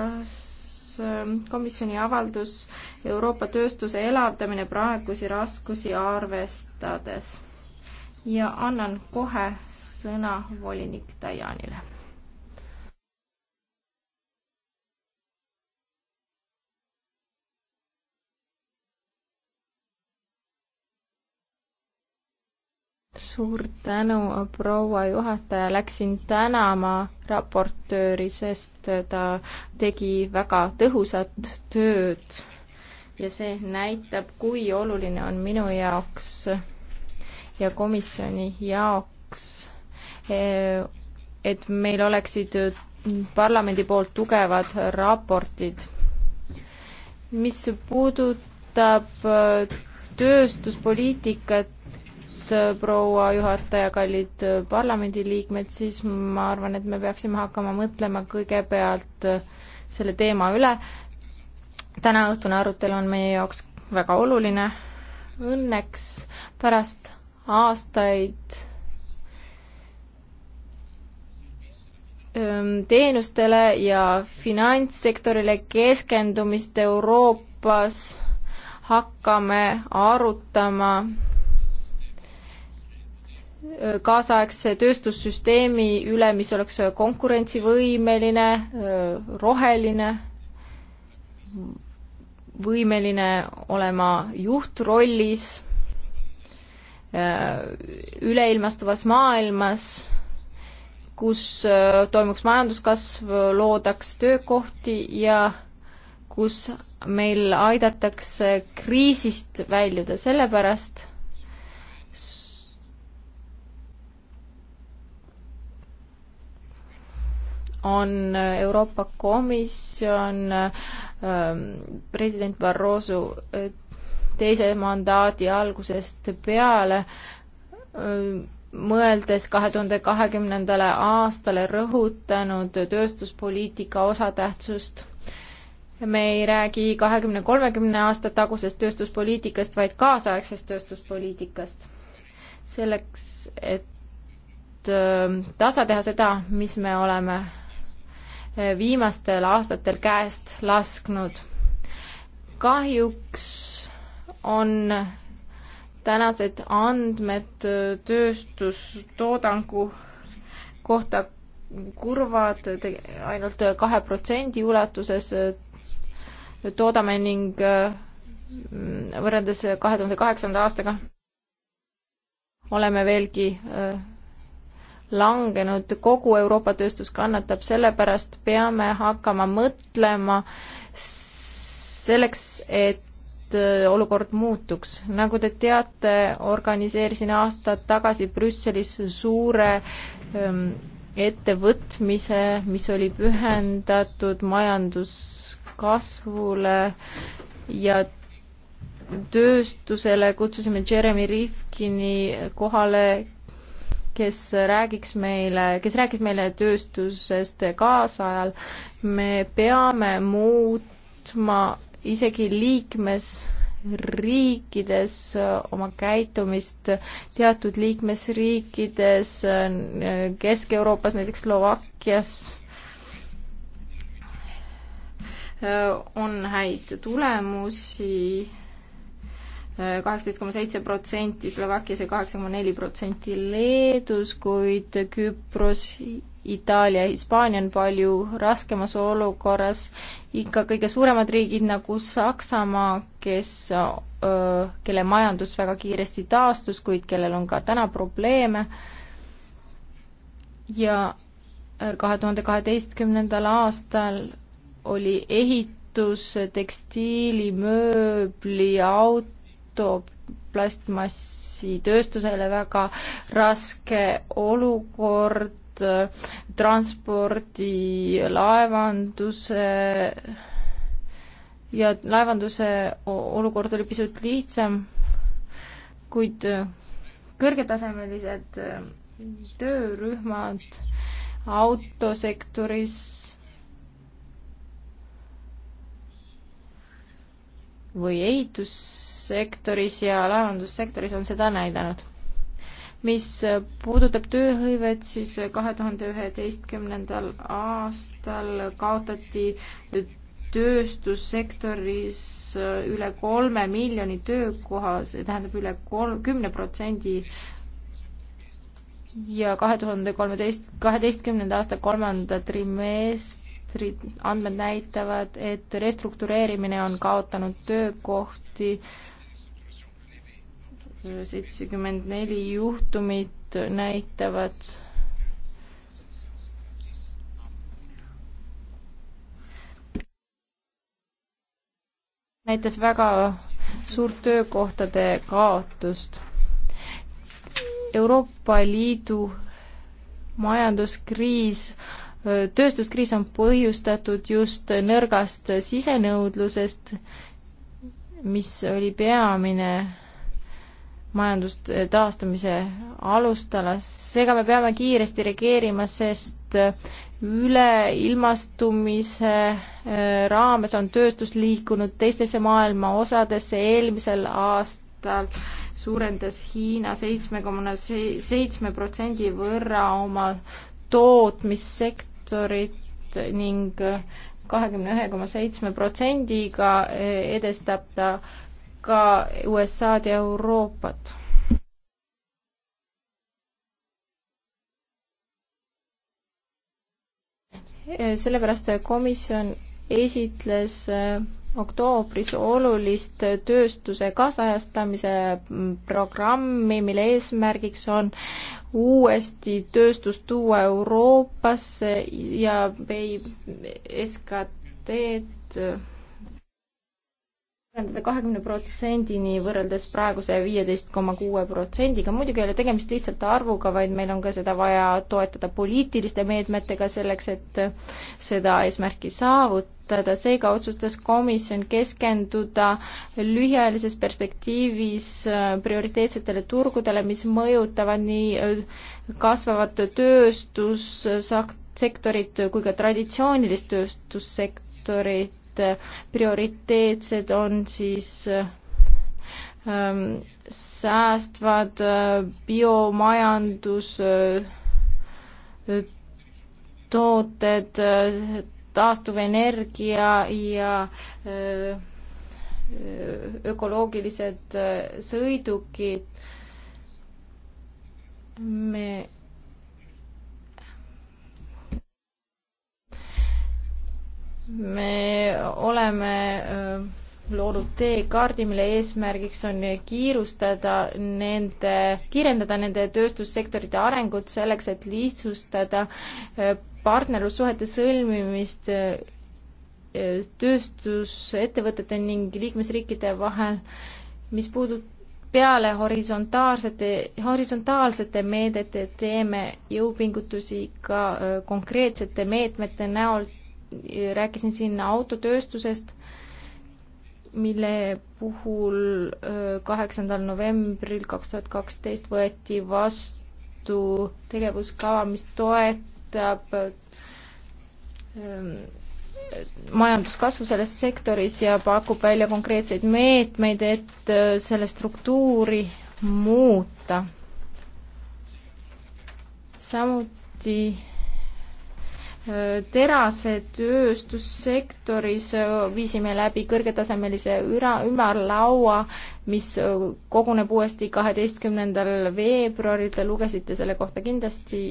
kas ähm, komisjoni avaldus Euroopa tööstuse elavdamine praegusi raskusi arvestades ja annan kohe sõna volinik Dajanile. suur tänu, proua juhataja, läksin tänama raportööri, sest ta tegi väga tõhusat tööd ja see näitab, kui oluline on minu jaoks ja komisjoni jaoks, e, et meil oleksid parlamendi poolt tugevad raportid. mis puudutab e, tööstuspoliitikat, nüüd, äh, proua juhataja, kallid äh, parlamendiliikmed, siis ma arvan, et me peaksime hakkama mõtlema kõigepealt äh, selle teema üle. tänaõhtune arutelu on meie jaoks väga oluline. Õnneks pärast aastaid ähm, teenustele ja finantssektorile keskendumist Euroopas hakkame arutama kaasaegse tööstussüsteemi üle, mis oleks konkurentsivõimeline, roheline, võimeline olema juhtrollis üleilmastuvas maailmas, kus toimuks majanduskasv, loodaks töökohti ja kus meil aidatakse kriisist väljuda, sellepärast on Euroopa Komisjon ähm, president Barroso teise mandaadi algusest peale ähm, mõeldes kahe tuhande kahekümnendale aastale rõhutanud tööstuspoliitika osatähtsust. me ei räägi kahekümne, kolmekümne aasta tagusest tööstuspoliitikast, vaid kaasaegsest tööstuspoliitikast. selleks, et ähm, tasa teha seda, mis me oleme viimastel aastatel käest lasknud. kahjuks on tänased andmed tööstustoodangu kohta kurvad ainult kahe protsendi ulatuses toodame ning mm, võrreldes kahe tuhande kaheksanda aastaga oleme veelgi äh, langenud, kogu Euroopa tööstus kannatab, sellepärast peame hakkama mõtlema selleks, et äh, olukord muutuks. nagu te teate, organiseerisin aasta tagasi Brüsselis suure ähm, ettevõtmise, mis oli pühendatud majanduskasvule ja tööstusele, kutsusime Jeremy Rifkini kohale, kes räägiks meile, kes räägib meile tööstusest kaasajal. me peame muutma isegi liikmesriikides oma käitumist, teatud liikmesriikides, Kesk-Euroopas, näiteks Slovakkias on häid tulemusi kaheksateist koma seitse protsenti, Slovakkias ja kaheksa koma neli protsenti Leedus, kuid Küpros, Itaalia ja Hispaania on palju raskemas olukorras. ikka kõige suuremad riigid nagu Saksamaa, kes, kelle majandus väga kiiresti taastus, kuid kellel on ka täna probleeme ja kahe tuhande kaheteistkümnendal aastal oli ehitus, tekstiili, mööbli, auto, toob plastmassitööstusele väga raske olukord, transpordi, laevanduse ja laevanduse olukord oli pisut lihtsam, kuid kõrgetasemelised töörühmad autosektoris või ehitussektoris ja laevandussektoris on seda näidanud. mis puudutab tööhõivet, siis kahe tuhande üheteistkümnendal aastal kaotati tööstussektoris üle kolme miljoni töökoha, see tähendab üle kolm, kümne protsendi ja kahe tuhande kolmeteist, kaheteistkümnenda aasta kolmanda trimest-, registrid, andmed näitavad, et restruktureerimine on kaotanud töökohti, seitsekümmend neli juhtumit näitavad näitas väga suurt töökohtade kaotust. Euroopa Liidu majanduskriis tööstuskriis on põhjustatud just nõrgast sisenõudlusest, mis oli peamine majandust taastumise alustalas, seega me peame kiiresti reageerima, sest üleilmastumise äh, raames on tööstus liikunud teistesse maailma osadesse, eelmisel aastal suurendas Hiina seitsme koma seitsme protsendi võrra oma tootmissektorit, sektorit ning kahekümne ühe koma seitsme protsendiga edestab ta ka USA-d ja Euroopat. sellepärast komisjon esitles äh, oktoobris olulist tööstuse kaasajastamise programmi, mille eesmärgiks on uuesti tööstust tuua Euroopasse ja SKT-d suurendada kahekümne protsendini võrreldes praeguse viieteist koma kuue protsendiga. muidugi ei ole tegemist lihtsalt arvuga, vaid meil on ka seda vaja toetada poliitiliste meetmetega selleks, et seda eesmärki saavutada. seega otsustas komisjon keskenduda lühiajalises perspektiivis prioriteetsetele turgudele, mis mõjutavad nii kasvavat tööstussektorit kui ka traditsioonilist tööstussektorit et prioriteetsed on siis ähm, säästvad äh, biomajandus äh,, tooted äh,, taastuvenergia ja äh, ökoloogilised äh, sõidukid. me me oleme äh, loodud teekaardi, mille eesmärgiks on kiirustada nende, kiirendada nende tööstussektorite arengut selleks, et lihtsustada äh, partnerlussuhete sõlmimist äh, tööstusettevõtete ning liikmesriikide vahel, mis puudub peale horisontaalsete, horisontaalsete meedete teeme jõupingutusi ka konkreetsete meetmete näol rääkisin siin autotööstusest, mille puhul kaheksandal novembril kaks tuhat kaksteist võeti vastu tegevuskava, mis toetab majanduskasvu selles sektoris ja pakub välja konkreetseid meetmeid, et selle struktuuri muuta. samuti terasetööstussektoris äh, viisime läbi kõrgetasemelise üra, ümarlaua, mis äh, koguneb uuesti kaheteistkümnendal veebruaril, te lugesite selle kohta kindlasti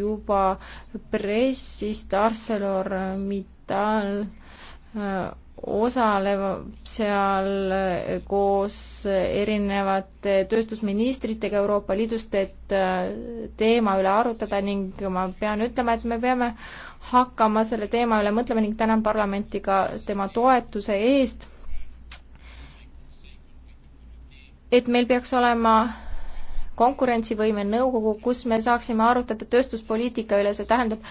juba pressist, ArcelorMittal äh, osaleb seal koos erinevate tööstusministritega Euroopa Liidust, et äh, teema üle arutada ning ma pean ütlema, et me peame hakkama selle teema üle mõtlema ning tänan parlamenti ka tema toetuse eest. et meil peaks olema konkurentsivõime nõukogu, kus me saaksime arutada tööstuspoliitika üle, see tähendab,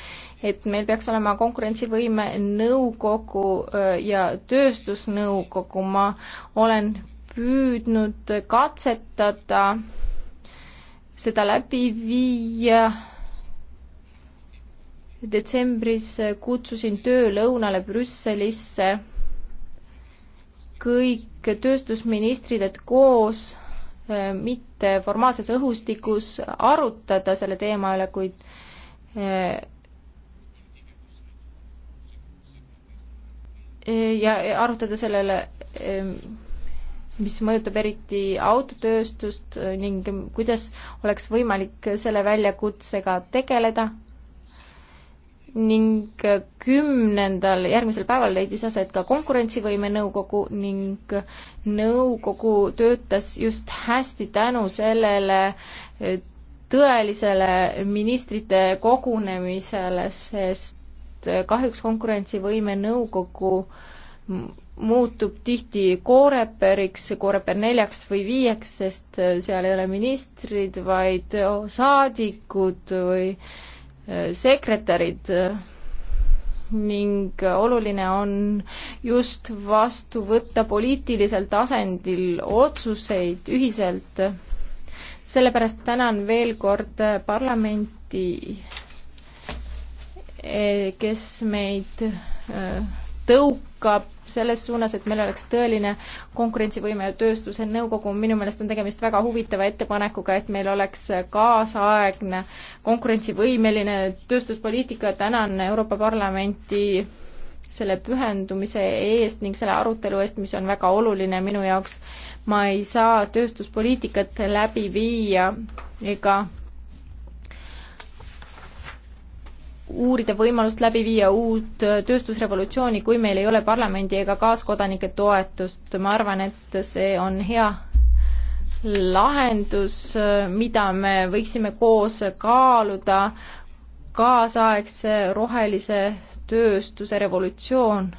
et meil peaks olema konkurentsivõime nõukogu ja tööstusnõukogu, ma olen püüdnud katsetada seda läbi viia detsembris kutsusin töölõunale Brüsselisse kõik tööstusministrid, et koos Äh, mitte formaalses õhustikus arutada selle teema üle, kuid äh, ja arutada sellele, äh, mis mõjutab eriti autotööstust ning kuidas oleks võimalik selle väljakutsega tegeleda ning kümnendal, järgmisel päeval leidis aset ka konkurentsivõime nõukogu ning nõukogu töötas just hästi tänu sellele tõelisele ministrite kogunemisele, sest kahjuks konkurentsivõime nõukogu muutub tihti kooreperiks, kooreper neljaks või viieks, sest seal ei ole ministrid, vaid saadikud või äh, sekretärid ning oluline on just vastu võtta poliitilisel tasandil otsuseid ühiselt. sellepärast tänan veel kord parlamenti, eh, kes meid eh, tõukab selles suunas, et meil oleks tõeline konkurentsivõime ja tööstuse nõukogu, minu meelest on tegemist väga huvitava ettepanekuga, et meil oleks kaasaegne konkurentsivõimeline tööstuspoliitika, tänan Euroopa Parlamenti selle pühendumise eest ning selle arutelu eest, mis on väga oluline minu jaoks. ma ei saa tööstuspoliitikat läbi viia ega uurida võimalust läbi viia uut tööstusrevolutsiooni, kui meil ei ole parlamendi ega kaaskodanike toetust. ma arvan, et see on hea lahendus, mida me võiksime koos kaaluda, kaasaegse rohelise tööstuse revolutsioon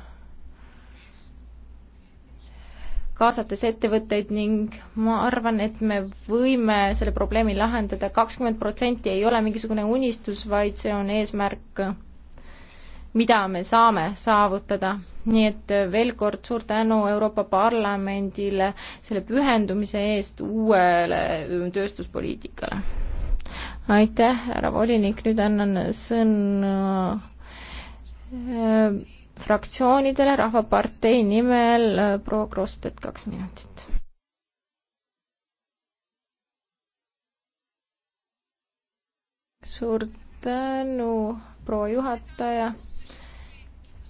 kaasates ettevõtteid ning ma arvan, et me võime selle probleemi lahendada. kakskümmend protsenti ei ole mingisugune unistus, vaid see on eesmärk, mida me saame saavutada. nii et veel kord suur tänu Euroopa Parlamendile selle pühendumise eest uuele tööstuspoliitikale. aitäh, härra volinik, nüüd annan sõna fraktsioonidele Rahvapartei nimel äh, proua Krostet kaks minutit. suur tänu, proua juhataja.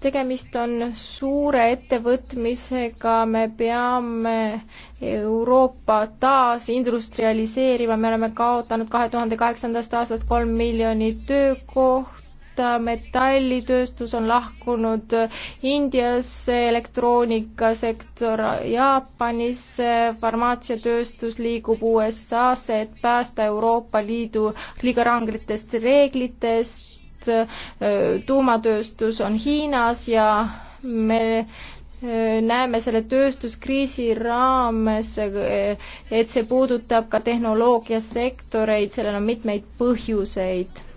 tegemist on suure ettevõtmisega, me peame Euroopa taasindustrialiseerima, me oleme kaotanud kahe tuhande kaheksandast aastast kolm miljonit töökohta, kohta, metallitööstus on lahkunud Indiasse, elektroonikasektor Jaapanisse, farmaatsiatööstus liigub USA-sse, et päästa Euroopa Liidu liiga rangetest reeglitest, tuumatööstus on Hiinas ja me äh, näeme selle tööstuskriisi raames, äh, et see puudutab ka tehnoloogiasektoreid, sellel on mitmeid põhjuseid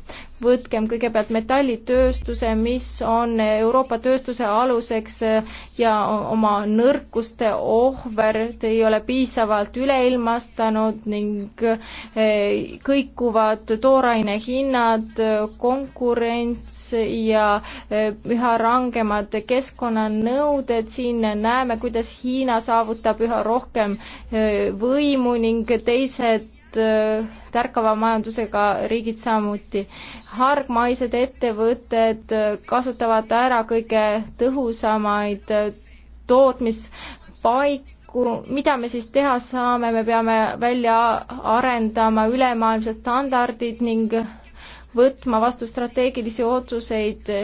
võtkem kõigepealt metallitööstuse, mis on Euroopa tööstuse aluseks ja oma nõrkuste ohver, ei ole piisavalt üleilmastanud ning eh, kõikuvad tooraine hinnad, konkurents ja eh, üha rangemad keskkonnanõuded, siin näeme, kuidas Hiina saavutab üha rohkem eh, võimu ning teised Äh, tärkava majandusega riigid samuti. hargmaised ettevõtted äh, kasutavad ära kõige tõhusamaid äh, tootmispaiku, mida me siis teha saame, me peame välja arendama ülemaailmsed standardid ning võtma vastu strateegilisi otsuseid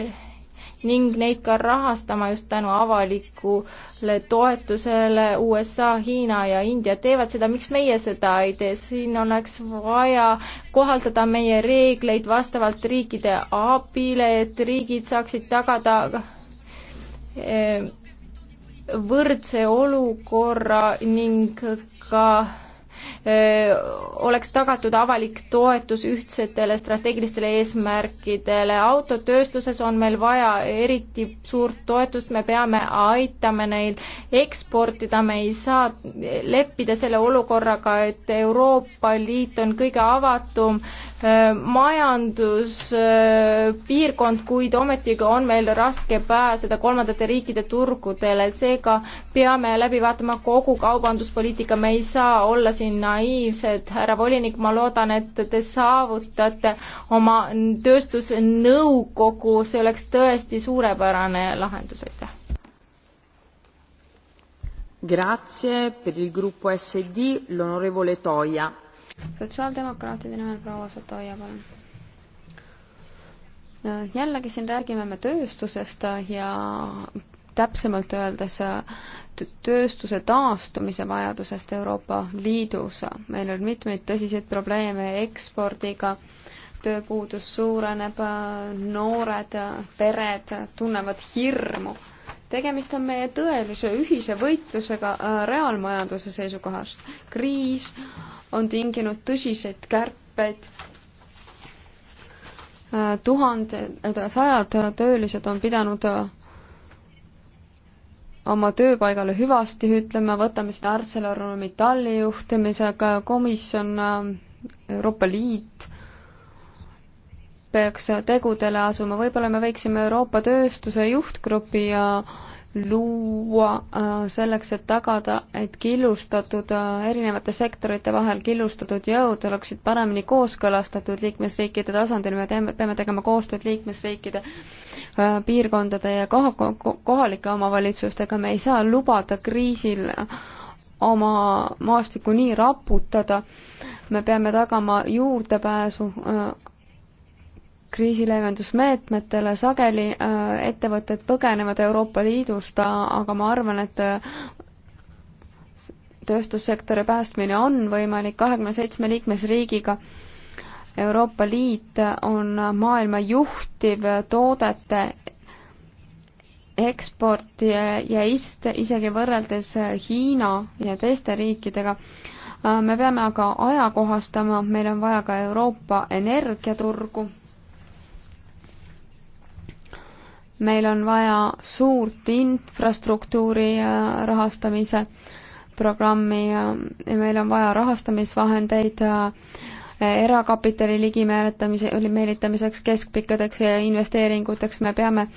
ning neid ka rahastama just tänu avalikule toetusele. USA, Hiina ja India teevad seda, miks meie seda ei tee, siin oleks vaja kohaldada meie reegleid vastavalt riikide abile, et riigid saaksid tagada eh, võrdse olukorra ning ka oleks tagatud avalik toetus ühtsetele strateegilistele eesmärkidele. autotööstuses on meil vaja eriti suurt toetust, me peame aitama neil eksportida, me ei saa leppida selle olukorraga, et Euroopa Liit on kõige avatum Äh, majanduspiirkond, äh, kuid ometigi on meil raske pääseda kolmandate riikide turgudele, seega peame läbi vaatama kogu kaubanduspoliitika, me ei saa olla siin naiivsed. härra volinik, ma loodan, et te saavutate oma tööstusnõukogu, see oleks tõesti suurepärane lahendus, aitäh. Grazie per il gruppo SD l'onorevole Toia sotsiaaldemokraatide nimel proua Sotoja, palun. jällegi siin räägime me tööstusest ja täpsemalt öeldes tööstuse taastumise vajadusest Euroopa Liidus. meil on mitmeid tõsiseid probleeme ekspordiga, tööpuudus suureneb, noored pered tunnevad hirmu tegemist on meie tõelise ühise võitlusega äh, reaalmajanduse seisukohast. kriis on tinginud tõsiseid kärpeid, äh, tuhanded, äh, sajad töölised on pidanud oma tööpaigale hüvasti ütlema, võtame siin ArcelorMittali juhtimisega, komisjon, Euroopa Liit peaks tegudele asuma, võib-olla me võiksime Euroopa tööstuse juhtgrupi ja luua äh, selleks, et tagada, et killustatud äh, erinevate sektorite vahel killustatud jõud oleksid paremini kooskõlastatud liikmesriikide tasandil, me teeme, peame tegema koostööd liikmesriikide äh, piirkondade ja koha, kohalike omavalitsustega, me ei saa lubada kriisil oma maastikku nii raputada, me peame tagama juurdepääsu kriisileevendusmeetmetele, sageli äh, ettevõtted põgenevad Euroopa Liidust, aga ma arvan, et äh, tööstussektori päästmine on võimalik kahekümne seitsme liikmesriigiga. Euroopa Liit on maailma juhtiv toodete eksporti ja ist-, isegi võrreldes Hiina ja teiste riikidega. Äh, me peame aga ajakohastama, meil on vaja ka Euroopa energiaturgu meil on vaja suurt infrastruktuuri äh, rahastamise programmi äh, ja meil on vaja rahastamisvahendeid äh, erakapitali ligimeelitamise, meelitamiseks, keskpikkadeks investeeringuteks, me peame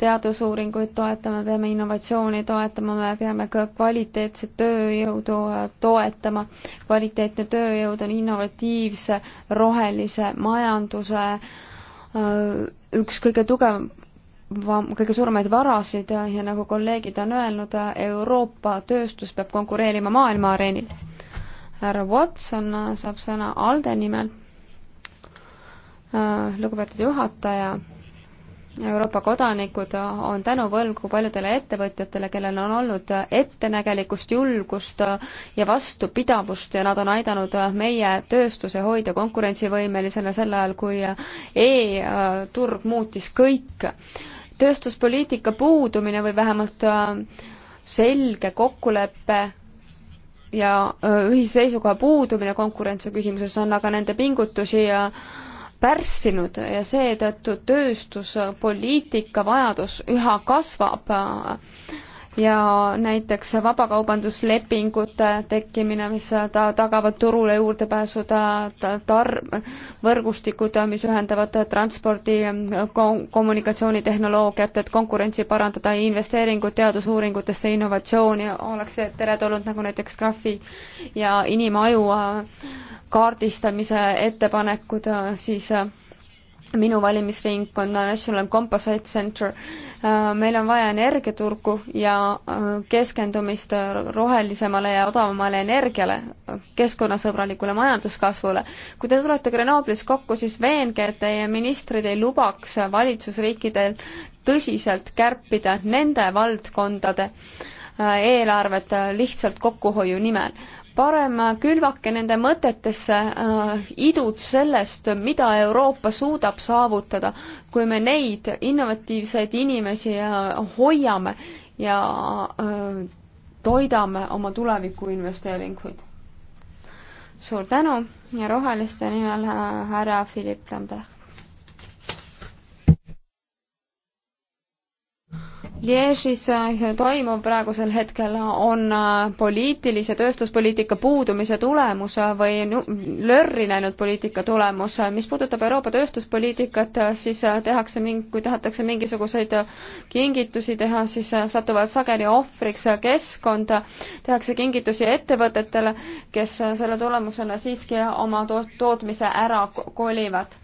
teadusuuringuid toetama, peame innovatsiooni toetama, me peame ka kvaliteetset tööjõudu toetama. kvaliteetne tööjõud on innovatiivse rohelise majanduse üks kõige tugev, kõige suuremaid varasid ja nagu kolleegid on öelnud, Euroopa tööstus peab konkureerima maailma areenil. härra Watson saab sõna ALDE nimel. Äh, lugupeetud juhataja, Euroopa kodanikud on tänuvõlgu paljudele ettevõtjatele, kellel on olnud ettenägelikkust, julgust ja vastupidavust ja nad on aidanud meie tööstuse hoida konkurentsivõimelisena sel ajal, kui e-turg muutis kõik tööstuspoliitika puudumine või vähemalt äh, selge kokkulepe ja äh, ühise seisukoha puudumine konkurentsi küsimuses on aga nende pingutusi ja äh, pärssinud ja seetõttu tööstuspoliitika vajadus üha kasvab ja näiteks vabakaubanduslepingute tekkimine, mis ta tagavad turule juurdepääsu ta, ta tar-, võrgustikud, mis ühendavad transpordi kom-, kommunikatsioonitehnoloogiat, et konkurentsi parandada ja investeeringud teadusuuringutesse, innovatsiooni oleks teretulnud, nagu näiteks graafi ja inimaju äh, kaardistamise ettepanekud, äh, siis äh, minu valimisringkonna National Composite Center. Äh, meil on vaja energiaturgu ja äh, keskendumist rohelisemale ja odavamale energiale, keskkonnasõbralikule majanduskasvule. kui te tulete Grenoblis kokku, siis veenge, et teie ministrid ei lubaks valitsusriikidel tõsiselt kärpida nende valdkondade äh, eelarvet lihtsalt kokkuhoiu nimel parem külvake nende mõtetesse äh, idud sellest, mida Euroopa suudab saavutada, kui me neid innovatiivseid inimesi äh, hoiame ja äh, toidame oma tulevikuinvesteeringuid. suur tänu ja roheliste nimel äh, härra Philipp Lambert. Liežis äh, toimub praegusel hetkel, on äh, poliitilise tööstuspoliitika puudumise tulemus või lörri läinud poliitika tulemus. mis puudutab Euroopa tööstuspoliitikat, siis äh, tehakse ming-, kui tahetakse mingisuguseid kingitusi teha, siis satuvad sageli ohvriks keskkonda, tehakse kingitusi ettevõtetele, kes selle tulemusena siiski oma to-, tootmise ära kolivad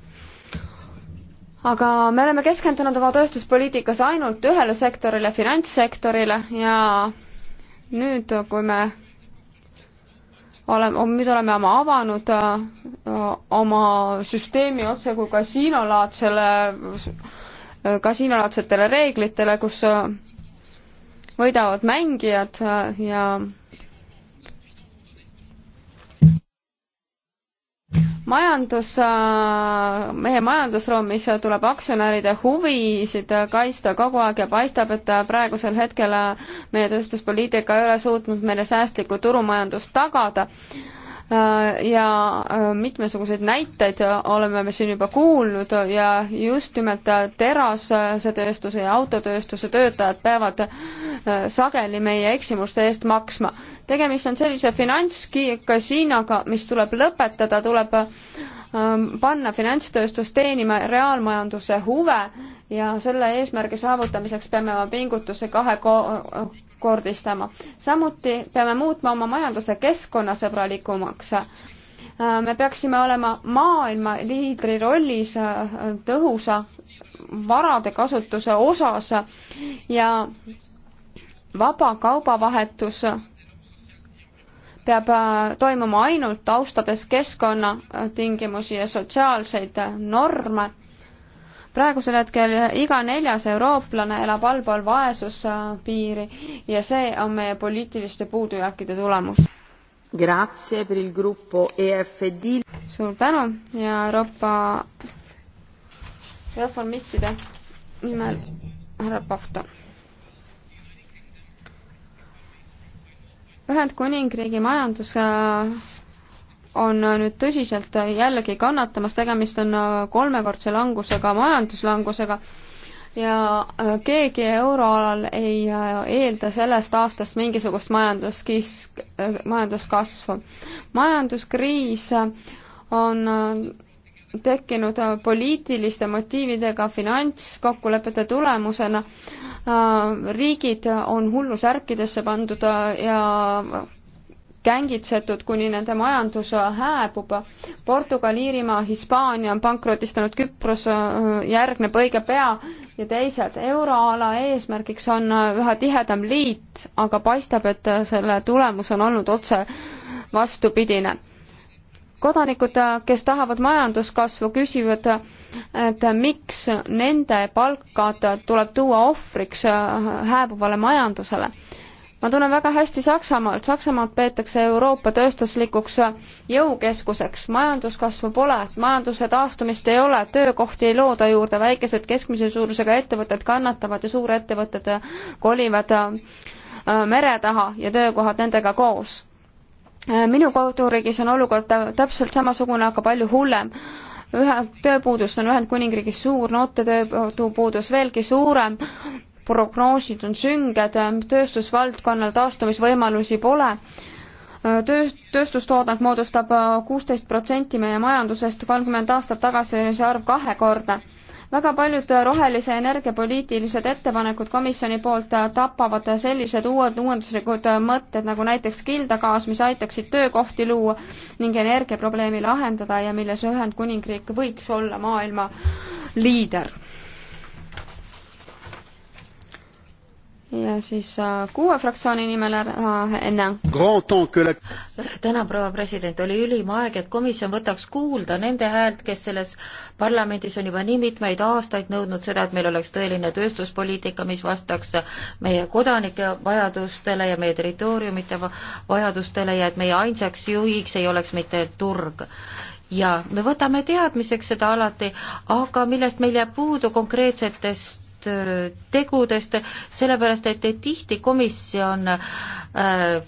aga me oleme keskendunud oma tööstuspoliitikas ainult ühele sektorile, finantssektorile ja nüüd, kui me oleme, nüüd oleme oma avanud äh, oma süsteemi otse kui kasiinolaadsele, kasiinolaadsetele reeglitele, kus äh, võidavad mängijad äh, ja majandus, äh, meie majandusruumis tuleb aktsionäride huvisid kaitsta kogu aeg ja paistab, et praegusel hetkel meie tööstuspoliitika ei ole suutnud meile säästlikku turumajandust tagada Äh, ja äh, mitmesuguseid näiteid oleme me siin juba kuulnud ja just nimelt äh, terasetööstuse ja autotööstuse töötajad peavad sageli meie eksimuste eest maksma. tegemist on sellise finantskasiinoga, mis tuleb lõpetada, tuleb ähm, panna finantstööstus teenima reaalmajanduse huve ja selle eesmärgi saavutamiseks peame oma pingutuse kahe ko mitmekordistama. samuti peame muutma oma majanduse keskkonnasõbralikumaks äh, me peaksime olema maailma liidri rollis äh, tõhusa varade kasutuse osas ja vaba kaubavahetus peab äh, toimuma ainult austades keskkonnatingimusi ja sotsiaalseid norme praegusel hetkel iga neljas eurooplane elab allpool vaesuspiiri ja see on meie poliitiliste puudujääkide tulemus. E suur tänu ja Euroopa reformistide nimel härra Pahto. Ühendkuningriigi majandus äh, on äh, nüüd tõsiselt äh, jällegi kannatamas, tegemist on äh, kolmekordse langusega, majanduslangusega, ja keegi euroalal ei eelda sellest aastast mingisugust majanduskisk, majanduskasvu. majanduskriis on tekkinud poliitiliste motiividega finantskokkulepete tulemusena, riigid on hullusärkidesse pandud ja kängitsetud, kuni nende majandus hääbub. Portugal, Iirimaa, Hispaania on pankrotistanud, Küpros äh, järgneb õige pea ja teised. euroala eesmärgiks on äh, üha tihedam liit, aga paistab, et äh, selle tulemus on olnud otse vastupidine kodanikud, kes tahavad majanduskasvu, küsivad, et miks nende palkad tuleb tuua ohvriks hääbuvale majandusele ma tunnen väga hästi Saksamaalt, Saksamaad peetakse Euroopa tööstuslikuks jõukeskuseks, majanduskasvu pole, majanduse taastumist ei ole, töökohti ei looda juurde, väikesed keskmise suurusega ettevõtted kannatavad ja suurettevõtted kolivad äh, mere taha ja töökohad nendega koos. Äh, minu koduriigis on olukord täpselt samasugune, aga palju hullem ühe, tööpuudus on Ühendkuningriigis suur, noorte tööpuudus veelgi suurem prognoosid on sünged, tööstusvaldkonnal taastumisvõimalusi pole töö, tööstustoodang moodustab kuusteist protsenti meie majandusest, kolmkümmend aastat tagasi oli see arv kahekordne. väga paljud rohelise energia poliitilised ettepanekud komisjoni poolt tapavad sellised uued uuenduslikud mõtted nagu näiteks kildagaas, mis aitaksid töökohti luua ning energiaprobleemi lahendada ja milles Ühendkuningriik võiks olla maailma liider ja siis äh, kuue fraktsiooni nimel härra Enn. täna, proua president, oli ülim aeg, et komisjon võtaks kuulda nende häält, kes selles parlamendis on juba nii mitmeid aastaid nõudnud seda, et meil oleks tõeline tööstuspoliitika, mis vastaks meie kodanike vajadustele ja meie territooriumite vajadustele ja et meie ainsaks juhiks ei oleks mitte turg ja me võtame teadmiseks seda alati, aga millest meil jääb puudu konkreetsetest tegudest, sellepärast et tihti komisjon äh,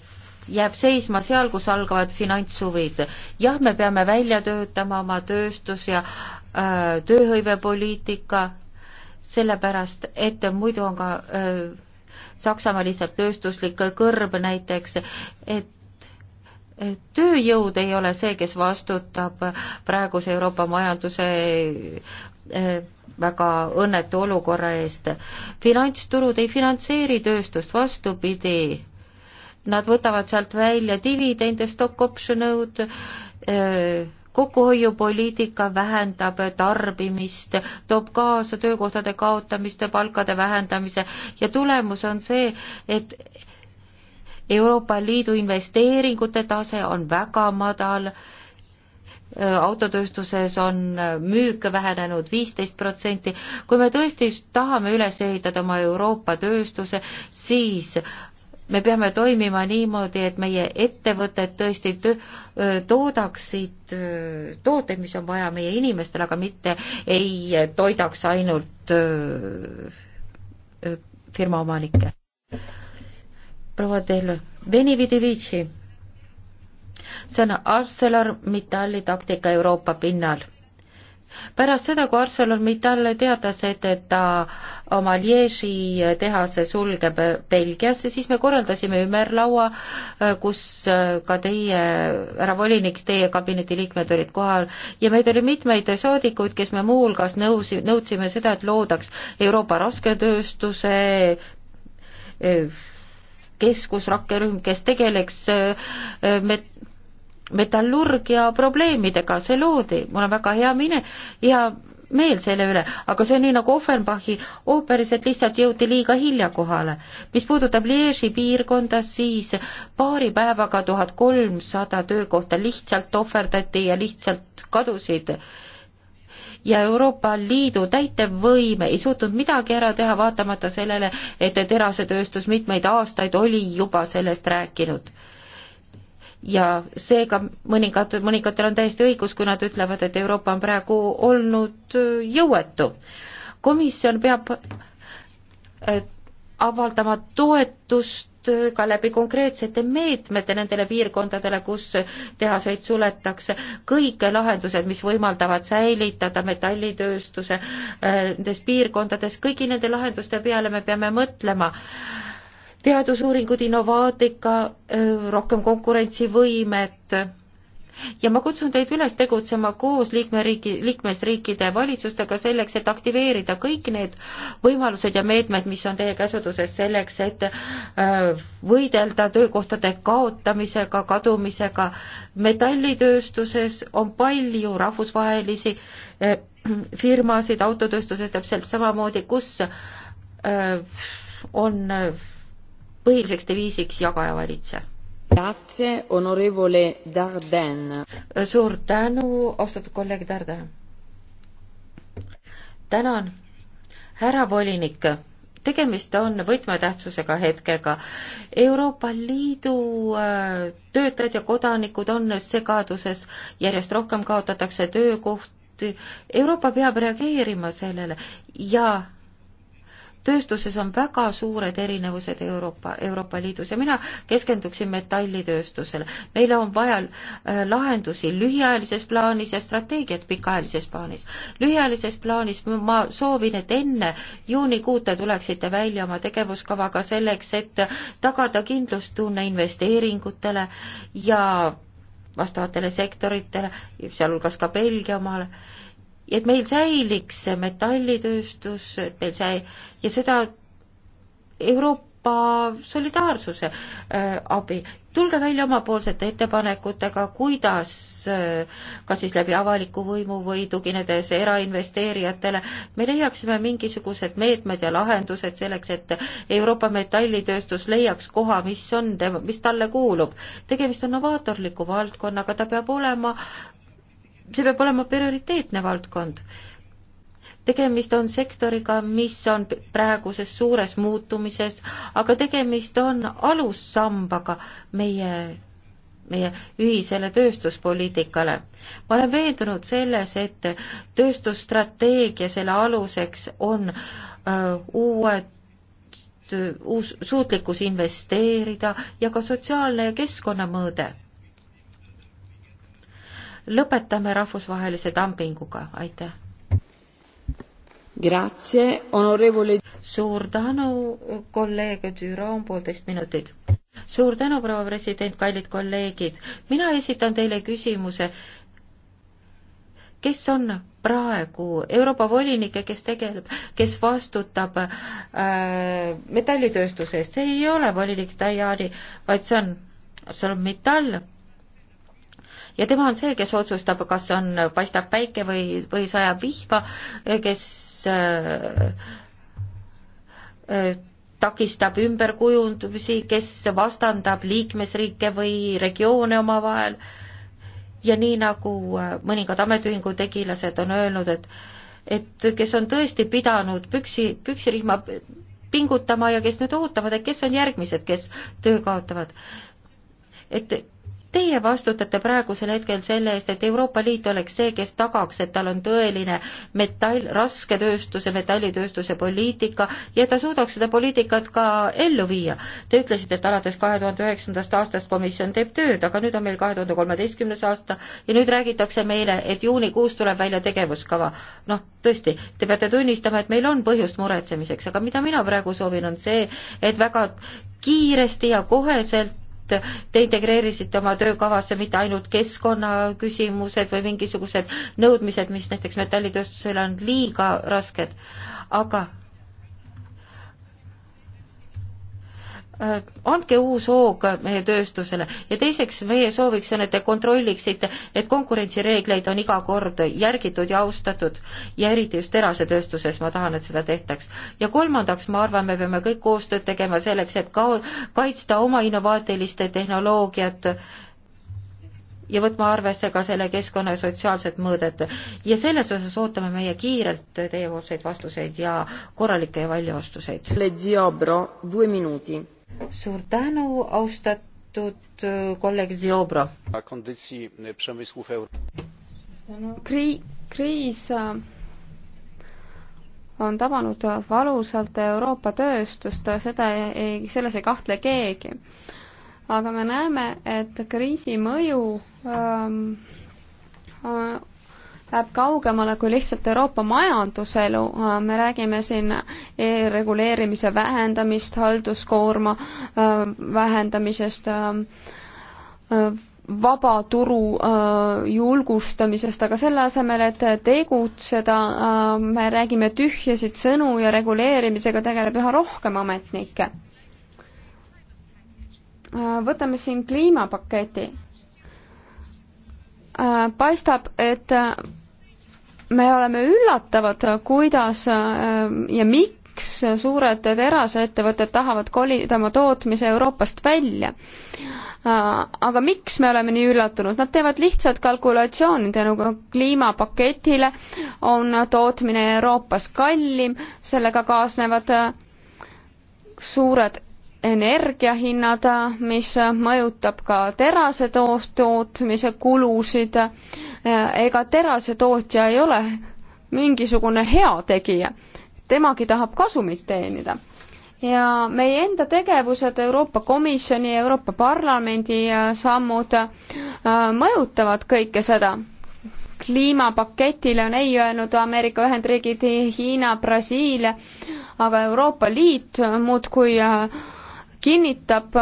jääb seisma seal, kus algavad finantshuvid. jah, me peame välja töötama oma tööstus- ja äh, tööhõivepoliitika, sellepärast et muidu on ka äh, Saksamaa lihtsalt tööstuslik kõrb näiteks, et tööjõud ei ole see, kes vastutab praeguse Euroopa majanduse väga õnnetu olukorra eest. finantsturud ei finantseeri tööstust, vastupidi, nad võtavad sealt välja dividende, stock option õud, kokkuhoiupoliitika vähendab tarbimist, toob kaasa töökohtade kaotamist ja palkade vähendamise ja tulemus on see, et Euroopa Liidu investeeringute tase on väga madal autotööstuses on müük vähenenud viisteist protsenti. kui me tõesti tahame üles ehitada oma Euroopa tööstuse, siis me peame toimima niimoodi, et meie ettevõtted tõesti tõ toodaksid tooteid, mis on vaja meie inimestele, aga mitte ei toidaks ainult äh, firma omanikke. proua Tello, Veni Vidivici see on ArcelorMittali taktika Euroopa pinnal pärast seda, kui ArcelorMittal teatas, et, et ta oma Liege'i tehase sulgeb Belgiasse, siis me korraldasime ümerlaua, kus ka teie, härra volinik, teie kabineti liikmed olid kohal ja meid oli mitmeid saadikuid, kes me muuhulgas nõus, nõudsime seda, et loodaks Euroopa rasketööstuse eh, keskus, rakkerühm, kes tegeleks eh, met-, metallurgia probleemidega, see loodi, mul on väga hea mine ja meel selle üle, aga see on nii nagu Offenbachi ooperis, et lihtsalt jõuti liiga hilja kohale. mis puudutab Liege'i piirkonda, siis paari päevaga tuhat kolmsada töökohta lihtsalt ohverdati ja lihtsalt kadusid ja Euroopa Liidu täitevvõim ei suutnud midagi ära teha, vaatamata sellele, et terasetööstus mitmeid aastaid oli juba sellest rääkinud ja seega mõningad, mõningatel on täiesti õigus, kui nad ütlevad, et Euroopa on praegu olnud äh, jõuetu. komisjon peab äh, avaldama toetust äh, ka läbi konkreetsete meetmete nendele piirkondadele, kus tehaseid suletakse, kõik lahendused, mis võimaldavad säilitada metallitööstuse nendes piirkondades, kõigi nende lahenduste peale me peame mõtlema teadusuuringud, innovaatika, rohkem konkurentsivõimet ja ma kutsun teid üles tegutsema koos liikmeriigi, liikmesriikide valitsustega selleks, et aktiveerida kõik need võimalused ja meetmed, mis on teie käsutuses selleks, et võidelda töökohtade kaotamisega, kadumisega. metallitööstuses on palju rahvusvahelisi firmasid, autotööstuses täpselt samamoodi, kus on põhiliseks deviisiks jaga ja valitse. Grazie, onorevole Darden. suur tänu, austatud kolleeg Darden. tänan, härra volinik tegemist on võtmetähtsusega hetkega. Euroopa Liidu äh, töötajad ja kodanikud on segaduses, järjest rohkem kaotatakse töökohti, Euroopa peab reageerima sellele ja tööstuses on väga suured erinevused Euroopa, Euroopa Liidus ja mina keskenduksin metallitööstusele. meile on vaja äh, lahendusi lühiajalises plaanis ja strateegiat pikaajalises plaanis. lühiajalises plaanis ma soovin, et enne juunikuud te tuleksite välja oma tegevuskavaga selleks, et tagada kindlustunne investeeringutele ja vastavatele sektoritele, sealhulgas ka Belgia omale et meil säiliks see metallitööstus, et meil see ja seda Euroopa solidaarsuse äh, abi. tulge välja omapoolsete ettepanekutega, kuidas äh,, kas siis läbi avaliku võimu või tuginedes erainvesteerijatele, me leiaksime mingisugused meetmed ja lahendused selleks, et Euroopa metallitööstus leiaks koha, mis on tema, mis talle kuulub. tegemist on novaatorliku valdkonnaga, ta peab olema äh, see peab olema prioriteetne valdkond. tegemist on sektoriga, mis on praeguses suures muutumises, aga tegemist on alussambaga meie meie ühisele tööstuspoliitikale. ma olen veendunud selles, et tööstusstrateegia selle aluseks on öö, uued uus suutlikkus investeerida ja ka sotsiaalne ja keskkonnamõõde lõpetame rahvusvahelise dumpinguga, aitäh! Grazie, onorevole. suur tänu, kolleeg Düran, poolteist minutit. suur tänu, proua president, kallid kolleegid. mina esitan teile küsimuse, kes on praegu Euroopa volinik ja kes tegeleb, kes vastutab äh, metallitööstuse eest, see ei ole volinik Tajani, vaid see on, see on metall ja tema on see, kes otsustab, kas on, paistab päike või, või sajab vihma, kes äh, äh, takistab ümberkujundamisi, kes vastandab liikmesriike või regioone omavahel ja nii, nagu äh, mõningad ametiühingu tegilased on öelnud, et et kes on tõesti pidanud püksi, püksirihma pingutama ja kes nüüd ootavad, et kes on järgmised, kes töö kaotavad. et Teie vastutate praegusel hetkel selle eest, et Euroopa Liit oleks see, kes tagaks, et tal on tõeline metall, rasketööstuse, metallitööstuse poliitika ja ta suudaks seda poliitikat ka ellu viia. Te ütlesite, et alates kahe tuhande üheksandast aastast komisjon teeb tööd, aga nüüd on meil kahe tuhande kolmeteistkümnes aasta ja nüüd räägitakse meile, et juunikuus tuleb välja tegevuskava. noh, tõesti, te peate tunnistama, et meil on põhjust muretsemiseks, aga mida mina praegu soovin, on see, et väga kiiresti ja koheselt et te integreerisite oma töökavasse mitte ainult keskkonnaküsimused või mingisugused nõudmised, mis näiteks metallitööstusele on liiga rasked, aga Äh, andke uus hoog meie tööstusele ja teiseks meie sooviks on, et te kontrolliksite, et konkurentsireegleid on iga kord järgitud ja austatud ja eriti just terasetööstuses ma tahan, et seda tehtaks. ja kolmandaks, ma arvan, me peame kõik koostööd tegema selleks, et ka kaitsta oma innovaatiliste tehnoloogiat ja võtma arvesse ka selle keskkonna ja sotsiaalset mõõdet. ja selles osas ootame meie kiirelt teiepoolseid vastuseid ja korralikke ja valjuostuseid suur tänu, austatud äh, kolleeg Ziobro. Kri-, kriis äh, on tabanud valusalt Euroopa tööstust, seda ei, selles ei kahtle keegi. aga me näeme, et kriisi mõju ähm, äh, läheb kaugemale kui lihtsalt Euroopa majanduselu, me räägime siin e reguleerimise vähendamist, halduskoorma äh, vähendamisest, äh, äh, vaba turu julgustamisest, aga selle asemel, et tegutseda, me räägime tühjasid sõnu ja reguleerimisega tegeleb üha rohkem ametnikke. võtame siin kliimapaketi paistab, et me oleme üllatavad, kuidas äh, ja miks suured teraseettevõtted tahavad kolida oma tootmise Euroopast välja. Äh, aga miks me oleme nii üllatunud, nad teevad lihtsad kalkulatsioonid ja nagu kliimapaketile on tootmine Euroopas kallim, sellega kaasnevad äh, suured energiahinnad, mis mõjutab ka terase tootmise kulusid ega terasetootja ei ole mingisugune heategija, temagi tahab kasumit teenida. ja meie enda tegevused, Euroopa Komisjoni, Euroopa Parlamendi äh, sammud äh, mõjutavad kõike seda kliimapaketile on ei öelnud Ameerika Ühendriigid, Hiina, Brasiilia, aga Euroopa Liit muudkui äh, kinnitab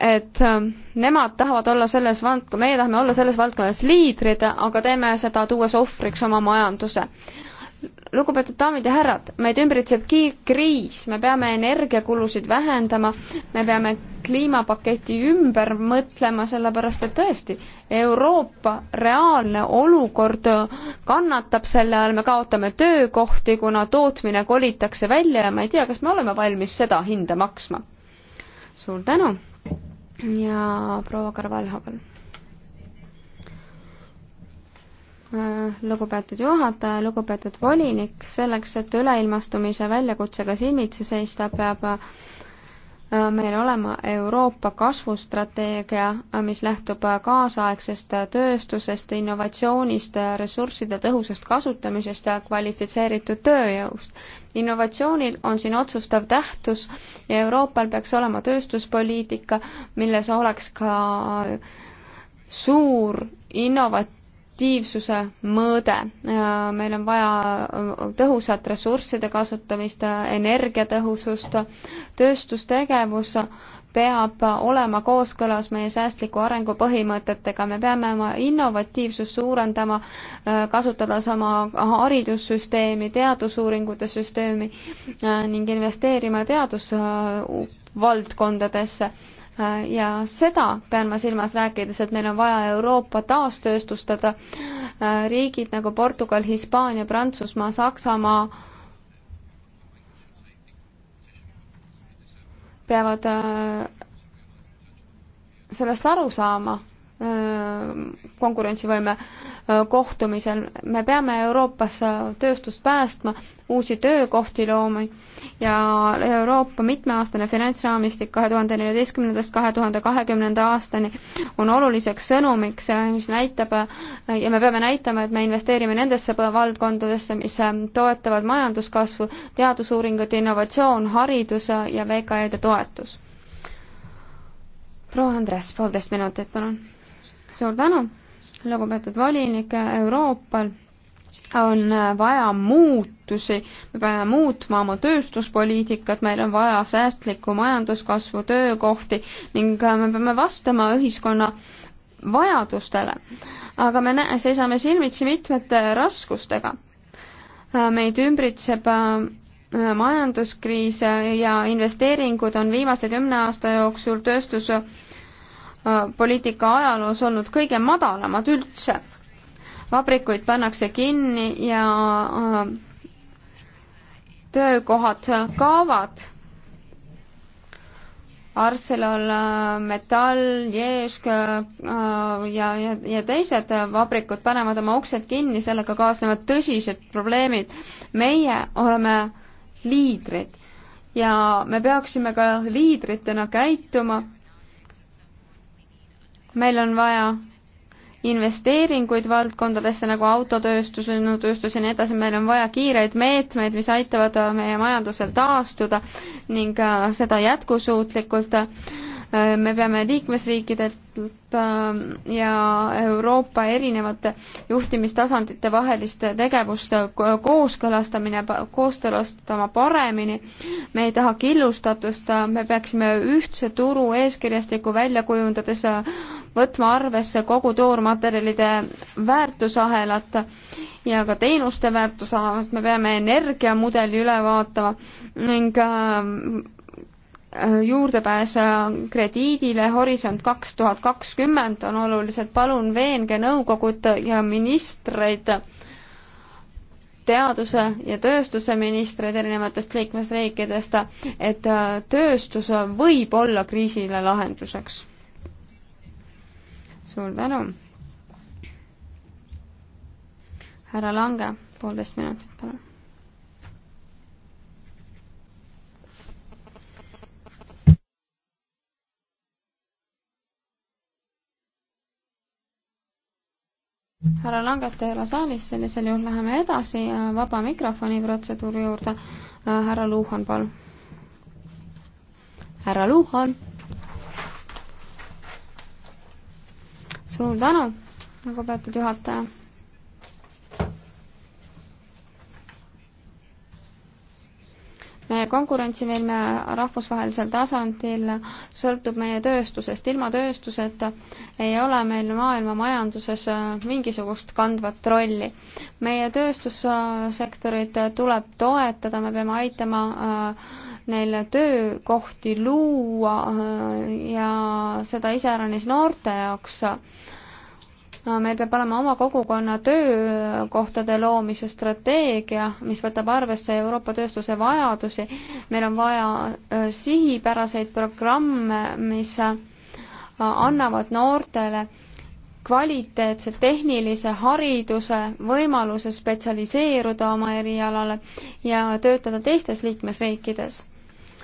et ähm, nemad tahavad olla selles vald-, meie tahame olla selles valdkonnas liidrid, aga teeme seda, tuues ohvriks oma majanduse. lugupeetud daamid ja härrad, meid ümbritseb kriis, me peame energiakulusid vähendama, me peame kliimapaketi ümber mõtlema, sellepärast et tõesti, Euroopa reaalne olukord kannatab selle all, me kaotame töökohti, kuna tootmine kolitakse välja ja ma ei tea, kas me oleme valmis seda hinda maksma. suur tänu! ja proua Carvalho, palun. Äh, lugupeetud juhataja, lugupeetud volinik, selleks, et üleilmastumise väljakutsega silmitsi seista, peab äh, meil olema Euroopa kasvustrateegia, mis lähtub kaasaegsest tööstusest, innovatsioonist, ressursside tõhusast kasutamisest ja kvalifitseeritud tööjõust innovatsioonil on siin otsustav tähtus ja Euroopal peaks olema tööstuspoliitika, milles oleks ka suur innovatiivsuse mõõde. meil on vaja tõhusat ressursside kasutamist, energiatõhusust, tööstustegevus peab olema kooskõlas meie säästliku arengu põhimõtetega, me peame oma innovatiivsust suurendama, äh, kasutades oma haridussüsteemi, teadusuuringute süsteemi äh, ning investeerima teadusvaldkondadesse äh, ja seda pean ma silmas rääkides, et meil on vaja Euroopa taastööstustada, riigid nagu Portugal, Hispaania, Prantsusmaa, Saksamaa peavad äh, sellest aru saama Äh, konkurentsivõime äh, kohtumisel. me peame Euroopas äh, tööstust päästma, uusi töökohti looma ja Euroopa mitmeaastane finantsraamistik kahe tuhande neljateistkümnendast kahe tuhande kahekümnenda aastani on oluliseks sõnumiks, mis näitab ja me peame näitama, et me investeerime nendesse valdkondadesse, mis toetavad majanduskasvu, teadusuuringud, innovatsioon, haridus ja VKE-de toetus. proua Andres, poolteist minutit, palun suur tänu, lugupeetud volinik, Euroopal on vaja muutusi, me peame muutma oma tööstuspoliitikat, meil on vaja säästlikku majanduskasvu, töökohti ning me peame vastama ühiskonna vajadustele. aga me näe-, seisame silmitsi mitmete raskustega. meid ümbritseb äh, majanduskriis ja investeeringud on viimase kümne aasta jooksul tööstus- Äh, poliitika ajaloos olnud kõige madalamad üldse. vabrikuid pannakse kinni ja äh, töökohad kaovad. Arcelol, äh, Metall, Jeesk ja, ja, ja teised vabrikud panevad oma uksed kinni, sellega kaasnevad tõsised probleemid. meie oleme liidrid ja me peaksime ka liidritena käituma meil on vaja investeeringuid valdkondadesse nagu autotööstus, lennutööstus ja nii edasi, meil on vaja kiireid meetmeid, mis aitavad meie majandusel taastuda ning äh, seda jätkusuutlikult. Äh, me peame liikmesriikidelt äh, ja Euroopa erinevate juhtimistasandite vahelist tegevust kooskõlastamine, kooskõlastama paremini. me ei taha killustatust, me peaksime ühtse turu eeskirjastiku välja kujundades võtma arvesse kogu toormaterjalide väärtusahelat ja ka teenuste väärtusahelat, me peame energiamudeli üle vaatama ning äh, juurdepääs äh, krediidile Horisont kaks tuhat kakskümmend on oluliselt, palun veenge nõukogud ja ministreid teaduse ja tööstuse ministreid erinevatest liikmesriikidest, et äh, tööstus võib olla kriisile lahenduseks suur tänu. härra Lange, poolteist minutit, palun. härra Langet ei ole saalis, sellisel juhul läheme edasi äh, vaba mikrofoni protseduuri juurde. Äh, härra Luhan, palun. härra Luhan suur tänu, lugupeetud juhataja meie konkurentsivõime rahvusvahelisel tasandil sõltub meie tööstusest. ilma tööstuseta ei ole meil maailma majanduses mingisugust kandvat rolli. meie tööstussektorit tuleb toetada, me peame aitama äh, neil töökohti luua äh, ja seda iseäranis noorte jaoks meil peab olema oma kogukonna töökohtade loomise strateegia, mis võtab arvesse Euroopa tööstuse vajadusi. meil on vaja äh, sihipäraseid programme, mis äh, annavad noortele kvaliteetse tehnilise hariduse, võimaluse spetsialiseeruda oma erialale ja töötada teistes liikmesriikides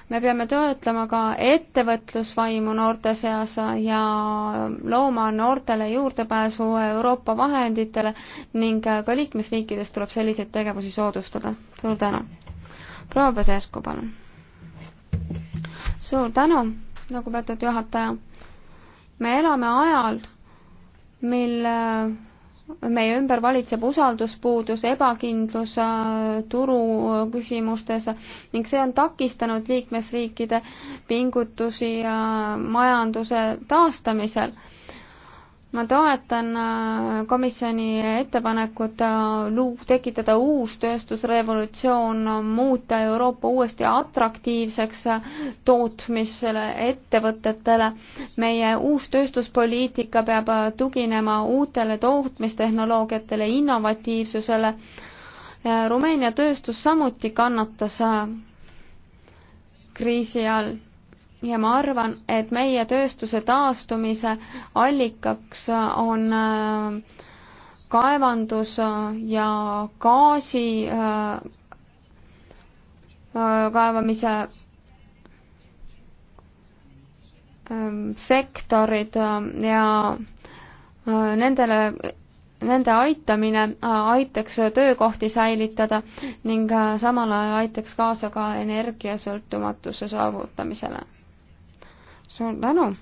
me peame toetlema ka ettevõtlusvaimu noorte seas ja looma noortele juurdepääsu Euroopa vahenditele ning ka liikmesriikides tuleb selliseid tegevusi soodustada. suur tänu. proua Pesescu, palun. suur tänu, lugupeetud juhataja. me elame ajal, mil meie ümber valitseb usalduspuudus, ebakindlus äh, turu äh, küsimustes ning see on takistanud liikmesriikide pingutusi äh, majanduse taastamisel ma toetan äh, komisjoni ettepanekut äh, tekitada uus tööstusrevolutsioon, äh, muuta Euroopa uuesti atraktiivseks tootmisele, ettevõtetele. meie uus tööstuspoliitika peab tuginema uutele tootmistehnoloogiatele, innovatiivsusele. Rumeenia tööstus samuti kannatas kriisi all ja ma arvan, et meie tööstuse taastumise allikaks on äh, kaevandus äh, ja gaasi äh, kaevamise ähm, sektorid ja nendele nende aitamine aitaks töökohti säilitada ning samal ajal aitaks kaasa ka energiasõltumatuse saavutamisele suur tänu,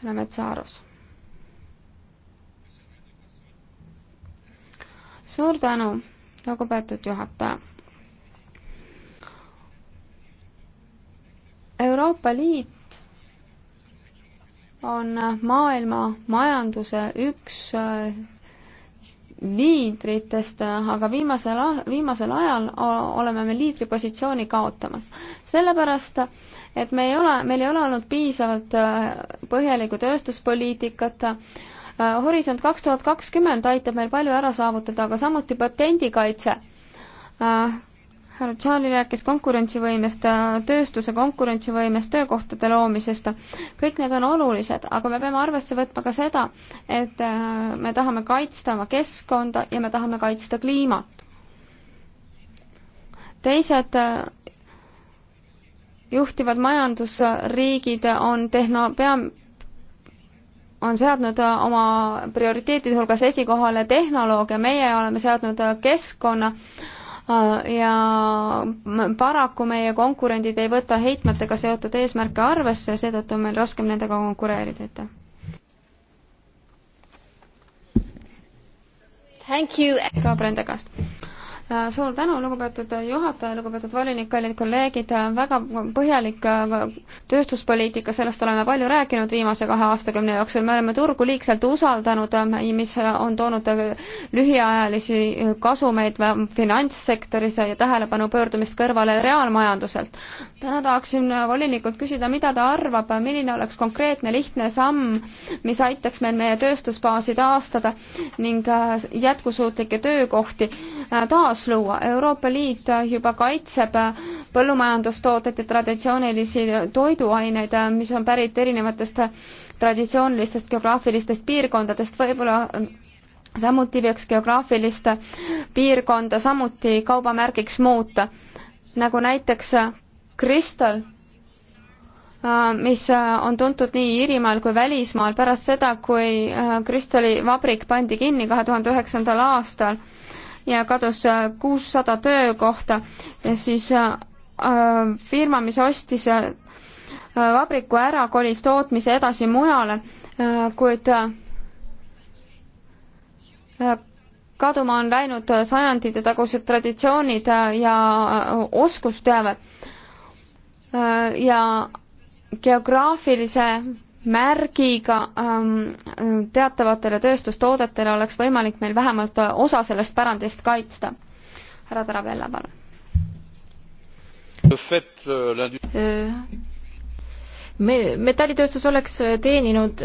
härra Metsaarus. suur tänu, lugupeetud juhataja. Euroopa Liit on maailma majanduse üks liidritest, aga viimasel, viimasel ajal oleme me liidripositsiooni kaotamas. sellepärast, et me ei ole, meil ei ole olnud piisavalt äh, põhjalikku tööstuspoliitikat, äh, Horisont kaks tuhat kakskümmend aitab meil palju ära saavutada, aga samuti patendikaitse äh, härra Tšaali rääkis konkurentsivõimest, tööstuse konkurentsivõimest, töökohtade loomisest. kõik need on olulised, aga me peame arvesse võtma ka seda, et äh, me tahame kaitsta oma keskkonda ja me tahame kaitsta kliimat. teised äh, juhtivad majandusriigid on tehno-, pea-, on seadnud äh, oma prioriteetide hulgas esikohale tehnoloogia, meie oleme seadnud keskkonna äh, Äh, ja paraku meie konkurendid ei võta heitmetega seotud eesmärke arvesse ja seetõttu on meil raskem nendega konkureerida, aitäh. proua Prendekast Äh, suur tänu, lugupeetud juhataja, lugupeetud volinik, kallid kolleegid, äh, väga põhjalik äh, tööstuspoliitika, sellest oleme palju rääkinud viimase kahe aastakümne jooksul, me oleme turgu liigselt usaldanud, mis on toonud lühiajalisi kasumeid finantssektoris ja tähelepanu pöördumist kõrvale reaalmajanduselt. täna tahaksin volinikult küsida, mida ta arvab, milline oleks konkreetne lihtne samm, mis aitaks meil meie tööstusbaasi taastada ning jätkusuutlikke töökohti taas baas luua. Euroopa Liit juba kaitseb põllumajandustooteid ja traditsioonilisi toiduaineid, mis on pärit erinevatest traditsioonilistest geograafilistest piirkondadest, võib-olla samuti peaks geograafilist piirkonda samuti kaubamärgiks muuta, nagu näiteks Crystal, mis on tuntud nii Iirimaal kui välismaal pärast seda, kui Crystali vabrik pandi kinni kahe tuhande üheksandal aastal ja kadus äh, kuussada töökohta, siis äh, äh, firma, mis ostis vabriku ära, kolis tootmise edasi mujale, kuid kaduma on läinud sajandite tagused traditsioonid ja oskusteave ja geograafilise märgiga ähm, äh, teatavatele tööstustoodetele oleks võimalik meil vähemalt osa sellest pärandist kaitsta. härra Tarabella, palun. Euh, äh, me, metallitööstus oleks äh, teeninud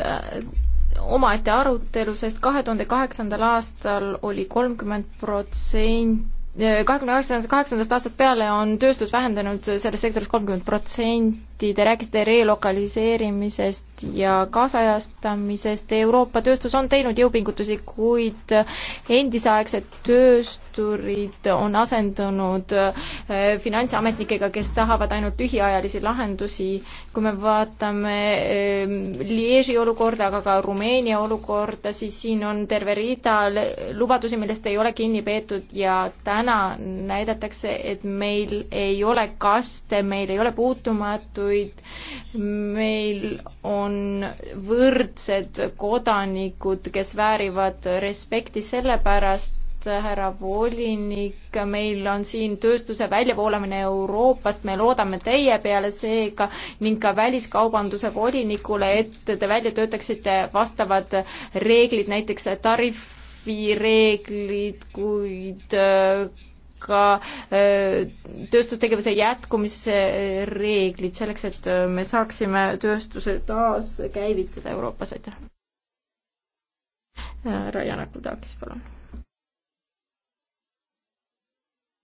omaette arutelu, sest kahe tuhande kaheksandal aastal oli kolmkümmend protsenti kahekümne kaheksandast, kaheksandast aastast peale on tööstus vähendanud selles sektoris kolmkümmend protsenti samuti te rääkisite relokaliseerimisest ja kaasajastamisest. Euroopa tööstus on teinud jõupingutusi, kuid endisaegsed töösturid on asendunud eh, finantsametnikega, kes tahavad ainult lühiajalisi lahendusi. kui me vaatame eh, Liegi olukorda, aga ka Rumeenia olukorda, siis siin on terve rida lubadusi, millest ei ole kinni peetud ja täna näidatakse, et meil ei ole kaste, meil ei ole puutumatust, valituid, meil on võrdsed kodanikud, kes väärivad respekti selle pärast, härra volinik, meil on siin tööstuse väljavoolamine Euroopast, me loodame teie peale seega ning ka väliskaubanduse volinikule, et te välja töötaksite vastavad reeglid, näiteks tarifireeglid, kuid ka äh, tööstustegevuse jätkumise äh, reeglid selleks, et äh, me saaksime tööstuse taaskäivitada Euroopas, aitäh. härra Janek Ludakis, palun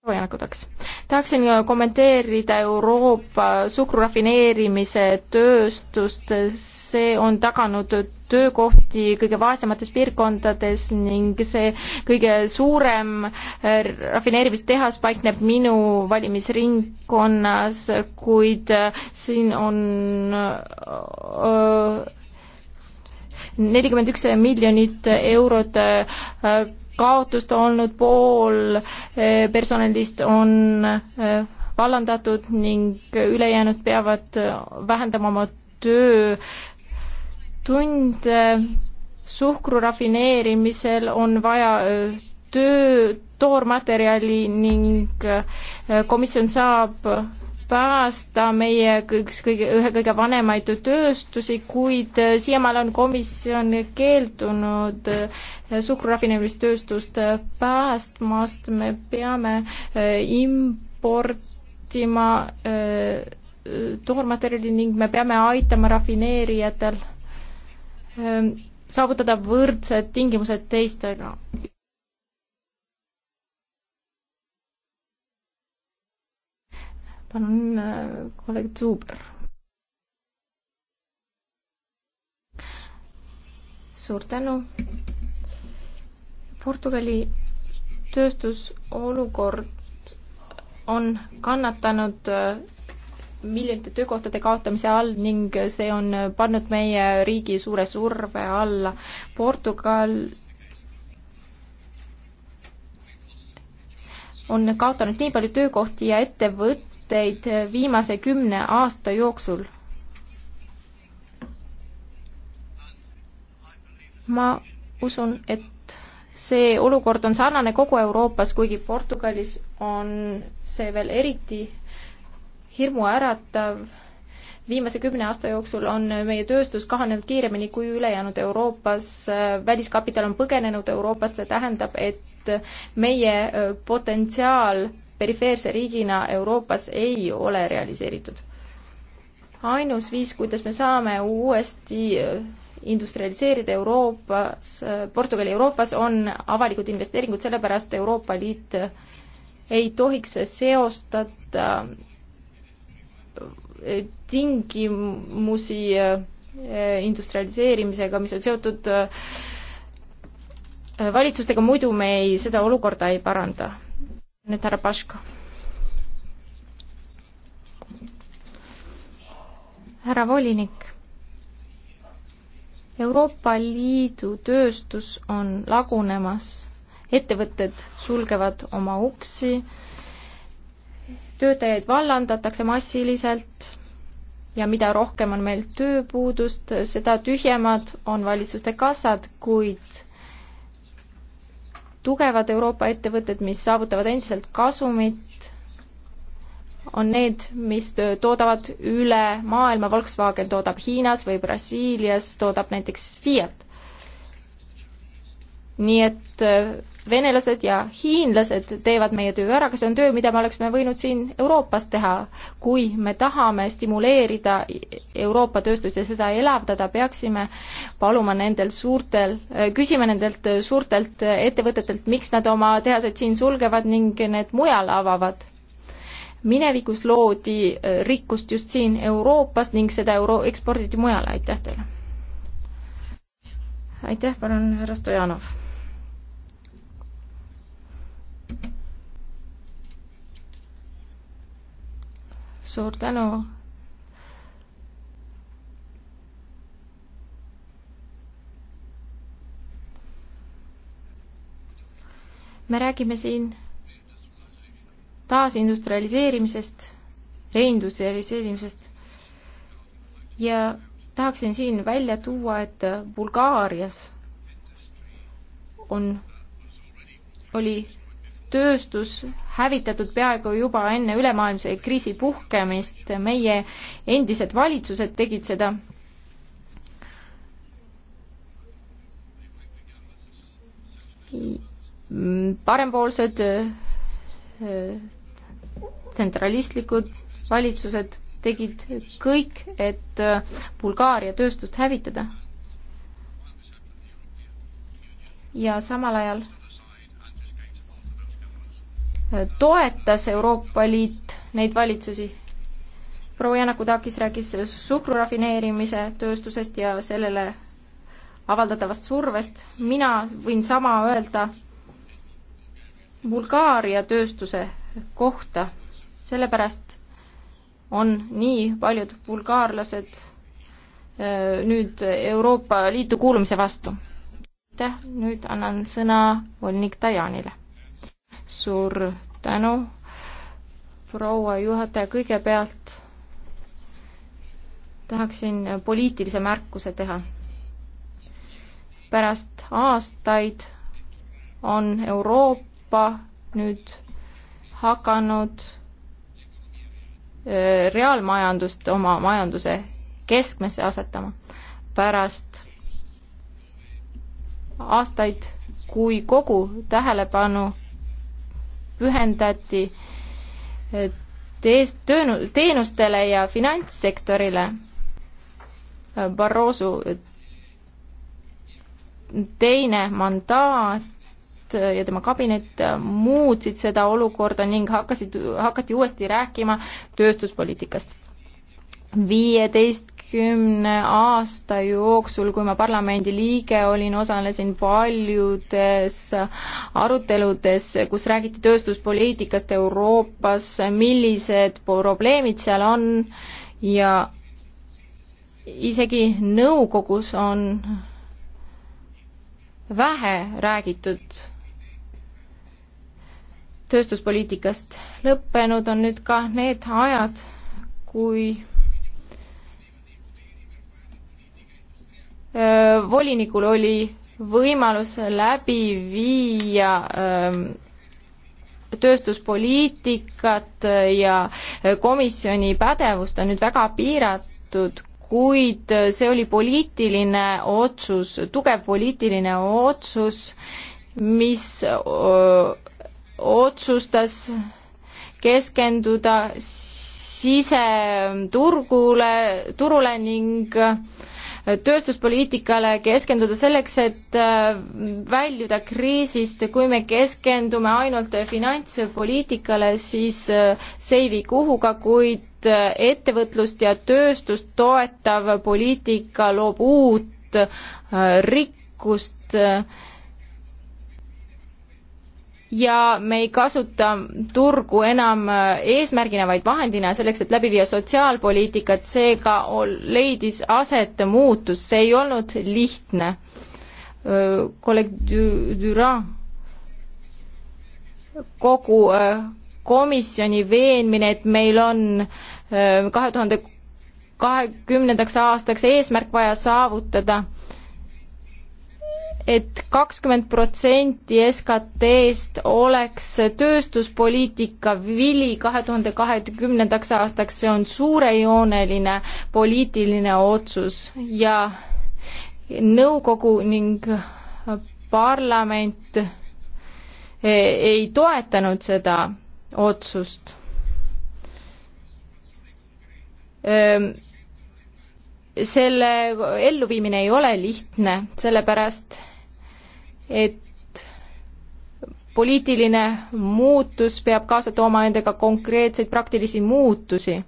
jätkudeks. tahaksin kommenteerida Euroopa suhkrurafineerimise tööstust, see on taganud töökohti kõige vaesemates piirkondades ning see kõige suurem rafineerimistehas paikneb minu valimisringkonnas, kuid siin on öö, nelikümmend üks miljonit eurot äh, kaotust olnud, pool äh, personalist on äh, vallandatud ning ülejäänud peavad vähendama oma töötunde. suhkru rafineerimisel on vaja töö, toormaterjali ning komisjon saab päästa meie üks kõige, ühe kõige vanemaid tööstusi, kuid äh, siiamaani on komisjon keeldunud äh, suhkrurafineerimistööstust äh, päästmast, me peame importima toormaterjali ning me peame aitama rafineerijatel saavutada võrdsed tingimused teistega. palun äh, kolleeg Zuber. suur tänu. Portugali tööstusolukord on kannatanud äh, miljonite töökohtade kaotamise all ning see on pannud meie riigi suure surve alla. Portugal on kaotanud nii palju töökohti ja ettevõtteid, näiteid viimase kümne aasta jooksul. ma usun, et see olukord on sarnane kogu Euroopas, kuigi Portugalis on see veel eriti hirmuäratav. viimase kümne aasta jooksul on meie tööstus kahanenud kiiremini kui ülejäänud Euroopas, väliskapital on põgenenud Euroopast, see tähendab, et meie äh, potentsiaal perifeerse riigina Euroopas ei ole realiseeritud. ainus viis, kuidas me saame uuesti äh, industrialiseerida Euroopas, äh, Portugali Euroopas, on avalikud investeeringud, sellepärast Euroopa Liit äh, ei tohiks seostada tingimusi industrialiseerimisega, mis on seotud valitsustega, muidu me ei, seda olukorda ei paranda nüüd härra Paško. härra volinik, Euroopa Liidu tööstus on lagunemas, ettevõtted sulgevad oma uksi, töötajaid vallandatakse massiliselt ja mida rohkem on meil tööpuudust, seda tühjemad on valitsuste kassad, kuid tugevad Euroopa ettevõtted, mis saavutavad endiselt kasumit, on need, mis toodavad üle maailma, Volkswagen toodab Hiinas või Brasiilias, toodab näiteks Fiat nii et äh, venelased ja hiinlased teevad meie töö ära, aga see on töö, mida me oleksime võinud siin Euroopas teha. kui me tahame stimuleerida Euroopa tööstust ja seda elavdada, peaksime paluma nendel suurtel, äh, küsima nendelt äh, suurtelt ettevõtetelt, miks nad oma tehased siin sulgevad ning need mujal avavad minevikus loodi rikkust just siin Euroopas ning seda euro-, eksporditi mujale, aitäh teile! aitäh, palun, härra Stojanov! suur tänu. me räägime siin taasindustrialiseerimisest, reindustrialiseerimisest ja tahaksin siin välja tuua, et Bulgaarias on, oli tööstus hävitatud peaaegu juba enne ülemaailmse kriisi puhkemist, meie endised valitsused tegid seda. parempoolsed tsentralistlikud valitsused tegid kõik, et Bulgaaria tööstust hävitada. ja samal ajal toetas Euroopa Liit neid valitsusi. proua Janakudakis rääkis suhkrurafineerimise tööstusest ja sellele avaldatavast survest, mina võin sama öelda Bulgaaria tööstuse kohta, sellepärast on nii paljud bulgaarlased nüüd Euroopa Liitu kuulumise vastu. aitäh, nüüd annan sõna volinik Dajanile suur tänu, proua juhataja, kõigepealt tahaksin poliitilise märkuse teha. pärast aastaid on Euroopa nüüd hakanud reaalmajandust oma majanduse keskmesse asetama. pärast aastaid, kui kogu tähelepanu pühendati eh, teest-, töönu-, teenustele ja finantssektorile. Barroso eh, teine mandaat eh, ja tema kabinet muutsid seda olukorda ning hakkasid, hakati uuesti rääkima tööstuspoliitikast viieteistkümne aasta jooksul, kui ma parlamendi liige olin, osalesin paljudes aruteludes, kus räägiti tööstuspoliitikast Euroopas, millised probleemid seal on ja isegi nõukogus on vähe räägitud tööstuspoliitikast. lõppenud on nüüd ka need ajad, kui volinikul oli võimalus läbi viia tööstuspoliitikat ja komisjoni pädevust on nüüd väga piiratud, kuid see oli poliitiline otsus, tugev poliitiline otsus, mis otsustas keskenduda siseturgule, turule ning öö, tööstuspoliitikale keskenduda selleks, et äh, väljuda kriisist, kui me keskendume ainult finantspoliitikale, siis äh, see ei vii kuhuga, kuid äh, ettevõtlust ja tööstust toetav poliitika loob uut rikkust ja me ei kasuta turgu enam äh, eesmärgina, vaid vahendina selleks, et läbi viia sotsiaalpoliitikat, seega leidis aset muutus, see ei olnud lihtne. Äh, kolleeg Düran, kogu äh, komisjoni veenmine, et meil on kahe tuhande kahekümnendaks aastaks eesmärk vaja saavutada et kakskümmend protsenti SKT-st oleks tööstuspoliitika vili kahe tuhande kahekümnendaks aastaks, see on suurejooneline poliitiline otsus ja nõukogu ning parlament eh, ei toetanud seda otsust. Ehm, selle elluviimine ei ole lihtne, sellepärast et poliitiline muutus peab kaasa tooma endaga konkreetseid praktilisi muutusi.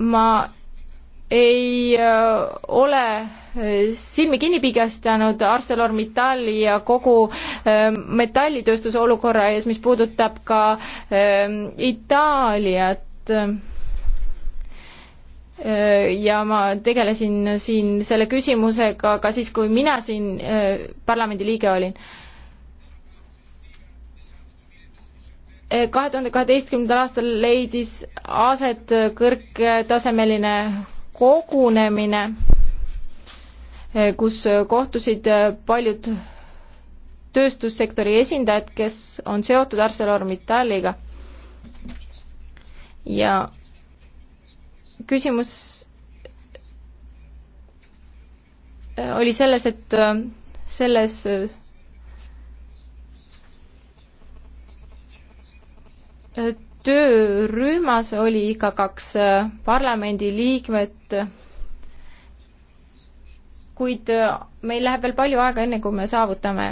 ma ei äh, ole äh, silmi kinni pigestanud ArcelorMittali ja kogu äh, metallitööstuse olukorra ees, mis puudutab ka Itaaliat Äh, ja ma tegelesin siin selle küsimusega ka siis, kui mina siin äh, parlamendiliige olin. Äh, kahe tuhande kaheteistkümnendal aastal leidis aset kõrgtasemeline kogunemine, kus kohtusid paljud tööstussektori esindajad, kes on seotud ArcelorMittaliga ja küsimus äh, oli selles, et äh, selles äh, töörühmas oli ka kaks parlamendiliikmet, kuid meil läheb veel palju aega, enne kui me saavutame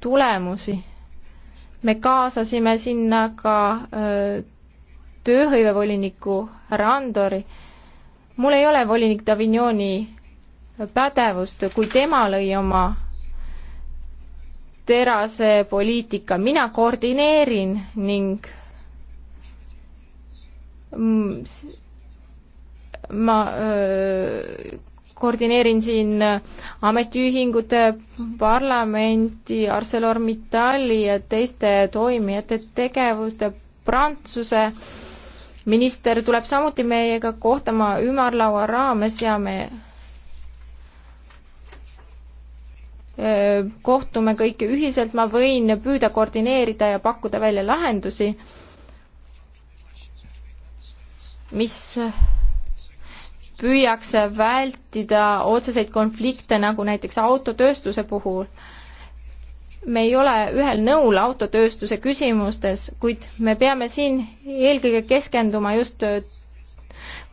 tulemusi. me kaasasime sinna ka tööhõivevoliniku härra Andori mul ei ole volinik Davignoni pädevust, kui tema lõi oma terase poliitika, mina koordineerin ning mm, ma öö, koordineerin siin ametiühingute, parlamenti, ArcelorMittali ja teiste toimijate tegevust, Prantsuse öö, minister tuleb samuti meiega kohtuma ümarlaua raames ja me kohtume kõik ühiselt, ma võin püüda koordineerida ja pakkuda välja lahendusi, mis püüaks vältida otseseid konflikte, nagu näiteks autotööstuse puhul me ei ole ühel nõul autotööstuse küsimustes, kuid me peame siin eelkõige keskenduma just äh,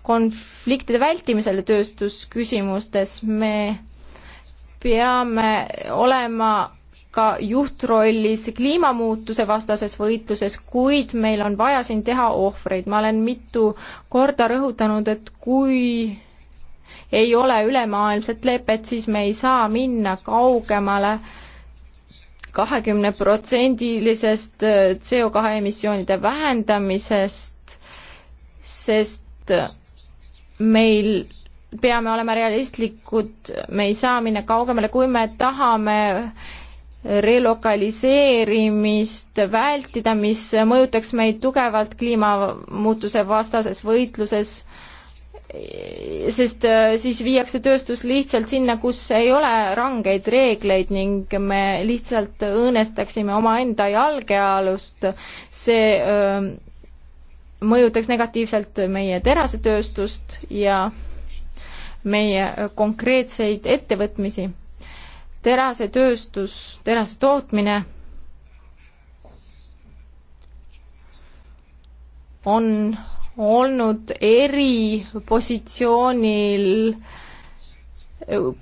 konfliktide vältimisele tööstusküsimustes. me peame olema ka juhtrollis kliimamuutuse vastases võitluses, kuid meil on vaja siin teha ohvreid. ma olen mitu korda rõhutanud, et kui ei ole ülemaailmset lepet, siis me ei saa minna kaugemale äh, kahekümneprotsendilisest äh, CO kahe emissioonide vähendamisest, sest äh, meil peame olema realistlikud, me ei saa minna kaugemale, kui me tahame relokaliseerimist vältida, mis mõjutaks meid tugevalt kliimamuutuse vastases võitluses sest äh, siis viiakse tööstus lihtsalt sinna, kus ei ole rangeid reegleid ning me lihtsalt õõnestaksime omaenda jalgealust. see öö, äh, mõjutaks negatiivselt meie terasetööstust ja meie konkreetseid ettevõtmisi. terasetööstus, terase tootmine on olnud eripositsioonil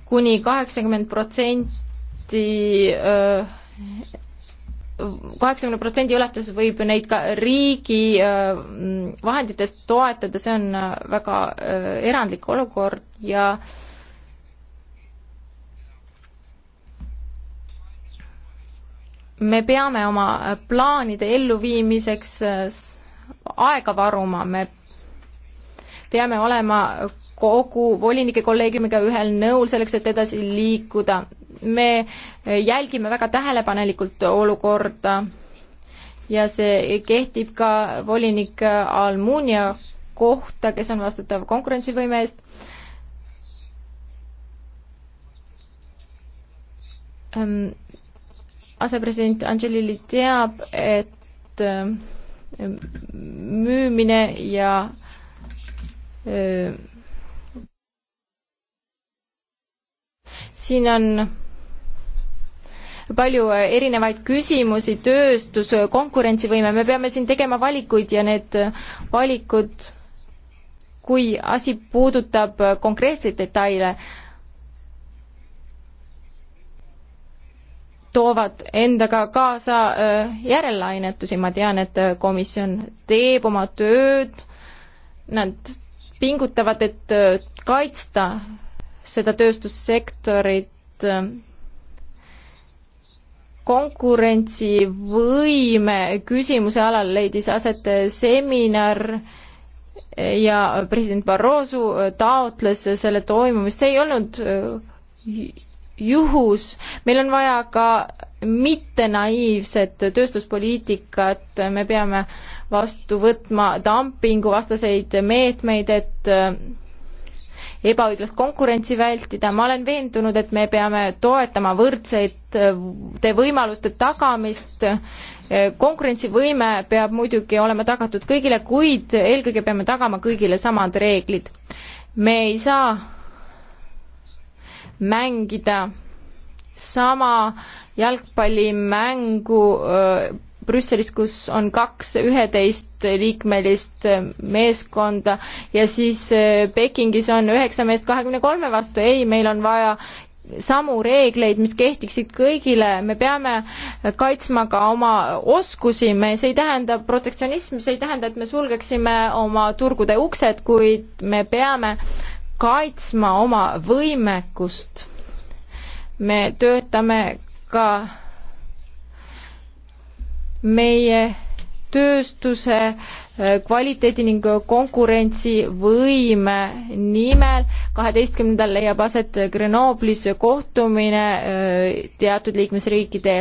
kuni kaheksakümmend protsenti kaheksakümne protsendi ulatuses võib neid ka riigi vahenditest toetada, see on väga erandlik olukord ja me peame oma plaanide elluviimiseks aega varuma, me peame olema kogu volinike kolleegiumiga ühel nõul selleks, et edasi liikuda. me jälgime väga tähelepanelikult olukorda ja see kehtib ka volinik Almunia kohta, kes on vastutav konkurentsivõime eest. Ehm, asepresident Angelili teab, et ehm, müümine ja siin on palju erinevaid küsimusi, tööstus, konkurentsivõime, me peame siin tegema valikuid ja need valikud, kui asi puudutab konkreetseid detaile, toovad endaga kaasa äh, järellainetusi, ma tean, et äh, komisjon teeb oma tööd, nad pingutavad, et äh, kaitsta seda tööstussektorit konkurentsivõime küsimuse alal leidis aset seminar ja president Barroso taotles selle toimumist, see ei olnud juhus, meil on vaja ka mittenaiivset tööstuspoliitikat, me peame vastu võtma dumpinguvastaseid meetmeid, et äh, ebaõiglast konkurentsi vältida, ma olen veendunud, et me peame toetama võrdsete äh, võimaluste tagamist, äh, konkurentsivõime peab muidugi olema tagatud kõigile, kuid eelkõige peame tagama kõigile samad reeglid. me ei saa mängida sama jalgpallimängu äh, Brüsselis, kus on kaks üheteistliikmelist äh, meeskonda ja siis äh, Pekingis on üheksa meest kahekümne kolme vastu, ei, meil on vaja samu reegleid, mis kehtiksid kõigile, me peame kaitsma ka oma oskusi, me, see ei tähenda protektsionism, see ei tähenda, et me sulgeksime oma turgude uksed, kuid me peame kaitsma oma võimekust. me töötame ka meie tööstuse äh, kvaliteedi ning konkurentsivõime nimel. kaheteistkümnendal leiab aset Grenoblis kohtumine äh, teatud liikmesriikide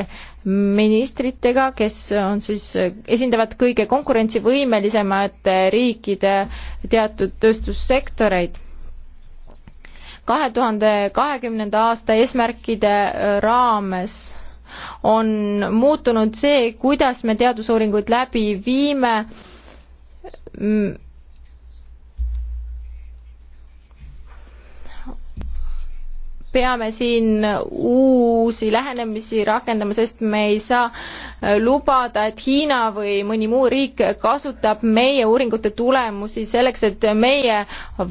ministritega, kes on siis, äh, esindavad kõige konkurentsivõimelisemate riikide teatud tööstussektoreid kahe tuhande kahekümnenda aasta eesmärkide äh, raames on muutunud see, kuidas me teadusuuringuid läbi viime peame siin uusi lähenemisi rakendama, sest me ei saa äh, lubada, et Hiina või mõni muu riik kasutab meie uuringute tulemusi selleks, et meie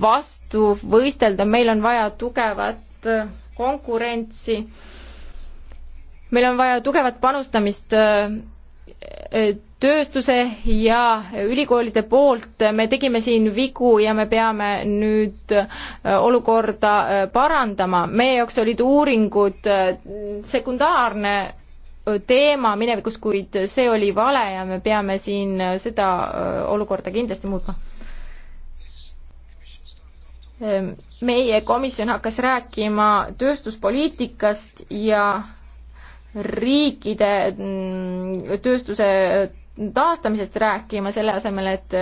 vastu võistelda, meil on vaja tugevat äh, konkurentsi, meil on vaja tugevat panustamist äh, Äh, tööstuse ja ülikoolide poolt, me tegime siin vigu ja me peame nüüd äh, olukorda äh, parandama. meie jaoks olid uuringud sekundaarne teema minevikus, kuid see oli vale ja me peame siin seda olukorda kindlasti muutma. meie komisjon hakkas rääkima tööstuspoliitikast ja riikide mm, tööstuse taastamisest rääkima, selle asemel, et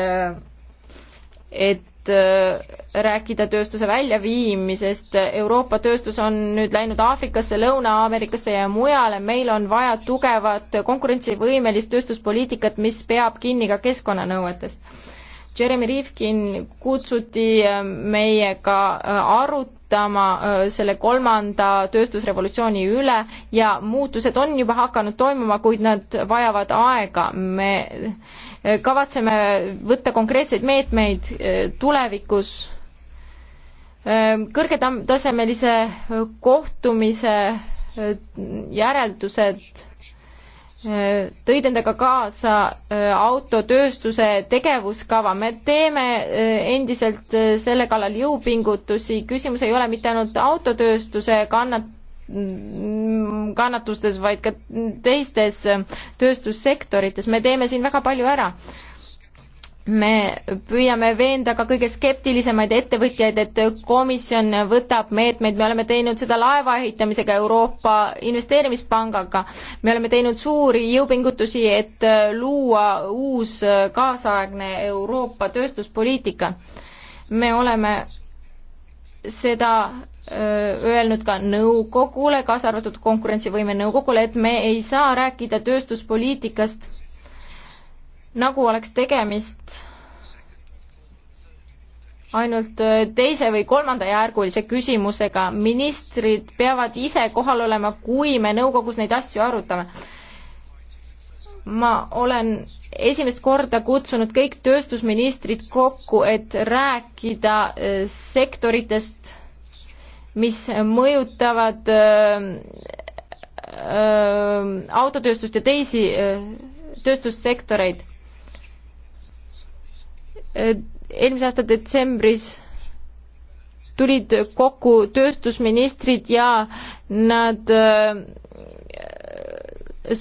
et äh, rääkida tööstuse väljaviimisest, Euroopa tööstus on nüüd läinud Aafrikasse, Lõuna-Ameerikasse ja mujale, meil on vaja tugevat konkurentsivõimelist tööstuspoliitikat, mis peab kinni ka keskkonnanõuetest Jeremy Rifkin kutsuti äh, meiega äh, arut-, arutama selle kolmanda tööstusrevolutsiooni üle ja muutused on juba hakanud toimuma, kuid nad vajavad aega. me kavatseme võtta konkreetseid meetmeid tulevikus kõrgetasemelise kohtumise järeldused tõid endaga kaasa äh, autotööstuse tegevuskava, me teeme äh, endiselt äh, selle kallal jõupingutusi, küsimus ei ole mitte ainult autotööstuse kannat-, mm, kannatustes, vaid ka teistes tööstussektorites, me teeme siin väga palju ära me püüame veenda ka kõige skeptilisemaid ettevõtjaid, et komisjon võtab meetmeid, me oleme teinud seda laeva ehitamisega Euroopa Investeerimispangaga, me oleme teinud suuri jõupingutusi, et luua uus kaasaegne Euroopa tööstuspoliitika. me oleme seda öelnud ka nõukogule, kaasa arvatud konkurentsivõime nõukogule, et me ei saa rääkida tööstuspoliitikast nagu oleks tegemist ainult teise või kolmandajärgulise küsimusega. ministrid peavad ise kohal olema, kui me nõukogus neid asju arutame. ma olen esimest korda kutsunud kõik tööstusministrid kokku, et rääkida eh, sektoritest, mis mõjutavad äh, äh, autotööstust ja teisi äh, tööstussektoreid Äh, eelmise aasta detsembris tulid kokku tööstusministrid ja nad äh,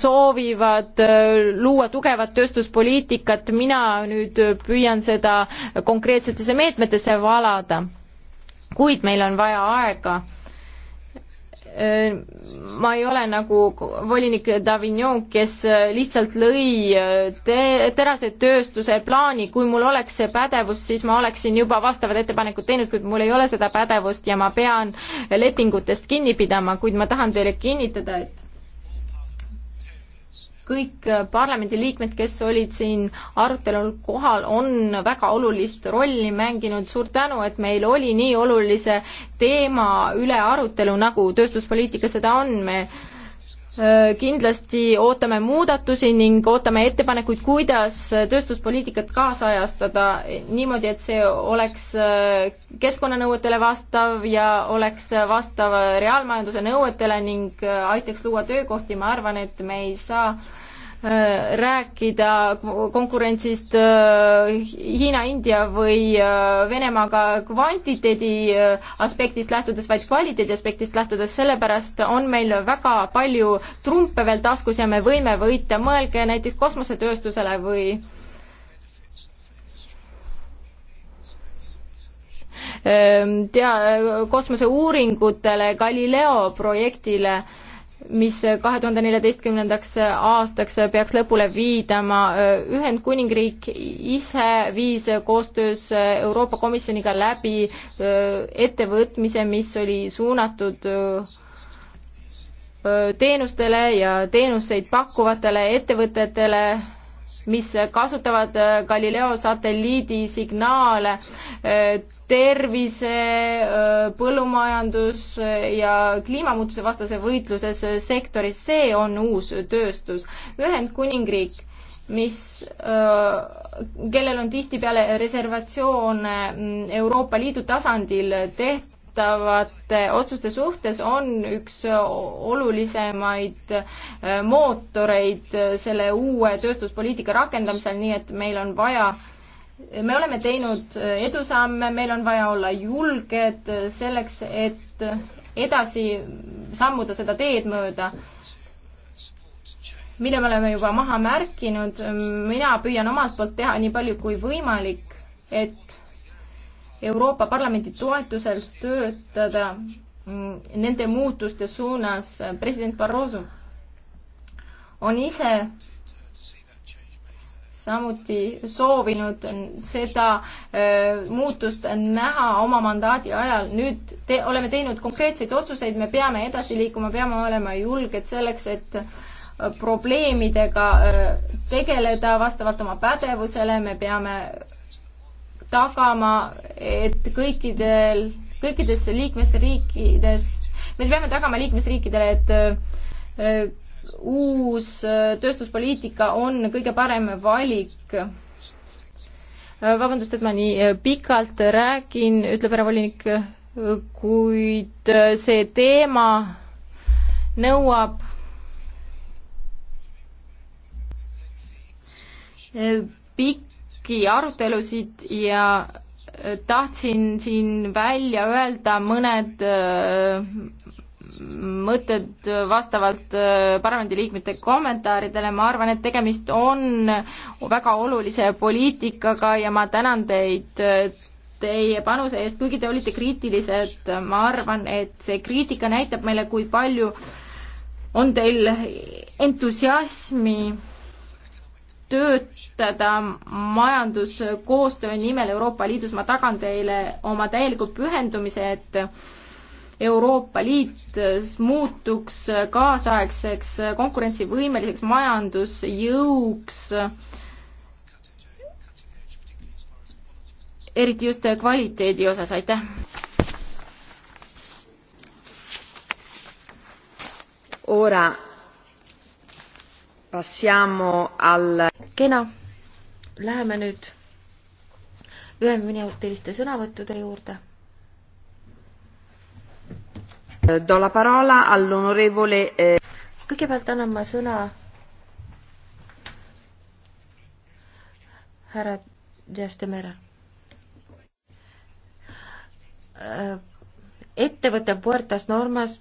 soovivad äh, luua tugevat tööstuspoliitikat, mina nüüd püüan seda konkreetsetesse meetmetesse valada. kuid meil on vaja aega Äh, ma ei ole nagu volinik Davignon, kes äh, lihtsalt lõi äh, te-, terasetööstuse plaani, kui mul oleks see pädevus, siis ma oleksin juba vastavad ettepanekud teinud, kuid mul ei ole seda pädevust ja ma pean lepingutest kinni pidama, kuid ma tahan teile kinnitada, et kõik äh, parlamendiliikmed, kes olid siin arutelul kohal, on väga olulist rolli mänginud. suur tänu, et meil oli nii olulise teema üle arutelu, nagu tööstuspoliitika seda on. me kindlasti ootame muudatusi ning ootame ettepanekuid, kuidas tööstuspoliitikat kaasajastada niimoodi, et see oleks keskkonnanõuetele vastav ja oleks vastav reaalmajanduse nõuetele ning aitaks luua töökohti, ma arvan, et me ei saa äh, Äh, rääkida konkurentsist äh, Hiina, India või äh, Venemaaga kvantiteedi aspektist lähtudes, vaid kvaliteedi aspektist lähtudes, sellepärast on meil väga palju trumpe veel taskus ja me võime võita, mõelge näiteks kosmosetööstusele või tea, kosmoseuuringutele, Galileo projektile äh, mis kahe tuhande neljateistkümnendaks aastaks peaks lõpule viidama. Ühendkuningriik ise viis koostöös Euroopa Komisjoniga läbi ettevõtmise, mis oli suunatud teenustele ja teenuseid pakkuvatele ettevõtetele mis kasutavad äh, Galileo satelliidi signaale äh, tervise, äh, põllumajandus ja kliimamuutuse vastase võitluses sektoris, see on uus tööstus. Ühendkuningriik, mis, kellel on tihtipeale reservatsioon mm, Euroopa Liidu tasandil tehtud, vastavate otsuste suhtes on üks olulisemaid äh, mootoreid äh, selle uue tööstuspoliitika rakendamisel, nii et meil on vaja me oleme teinud äh, edusamme, meil on vaja olla julged selleks, et edasi sammuda seda teed mööda, mille me oleme juba maha märkinud. mina püüan omalt poolt teha nii palju kui võimalik, et Euroopa Parlamendi toetusel töötada mm, nende muutuste suunas. Äh, president Barroso on ise samuti soovinud seda öö, äh, muutust näha oma mandaadi ajal. nüüd te, oleme teinud konkreetseid otsuseid, me peame edasi liikuma, peame olema julged selleks, et äh, probleemidega öö, tegeleda vastavalt oma pädevusele, me peame tagama, et kõikidel, kõikides liikmesriikides, me peame tagama liikmesriikidele, et äh, uus äh, tööstuspoliitika on kõige parem valik. Äh, vabandust, et ma nii pikalt räägin, ütleb härra volinik, kuid see teema nõuab pikka pikki arutelusid ja äh, tahtsin siin välja öelda mõned äh, mõtted vastavalt äh, parlamendiliikmete kommentaaridele, ma arvan, et tegemist on väga olulise poliitikaga ja ma tänan teid teie panuse eest, kuigi te olite kriitilised, ma arvan, et see kriitika näitab meile, kui palju on teil entusiasmi töötada majanduskoostöö nimel Euroopa Liidus, ma tagan teile oma täieliku pühendumise, et Euroopa Liit muutuks kaasaegseks konkurentsivõimeliseks majandusjõuks, eriti just kvaliteedi osas, aitäh! ora All... kena, läheme nüüd üheminutiliste sõnavõttude juurde. Do la parola all'onorevole eh, kõigepealt annan ma sõna härra Jastemera. Äh, ettevõte Puertas Normas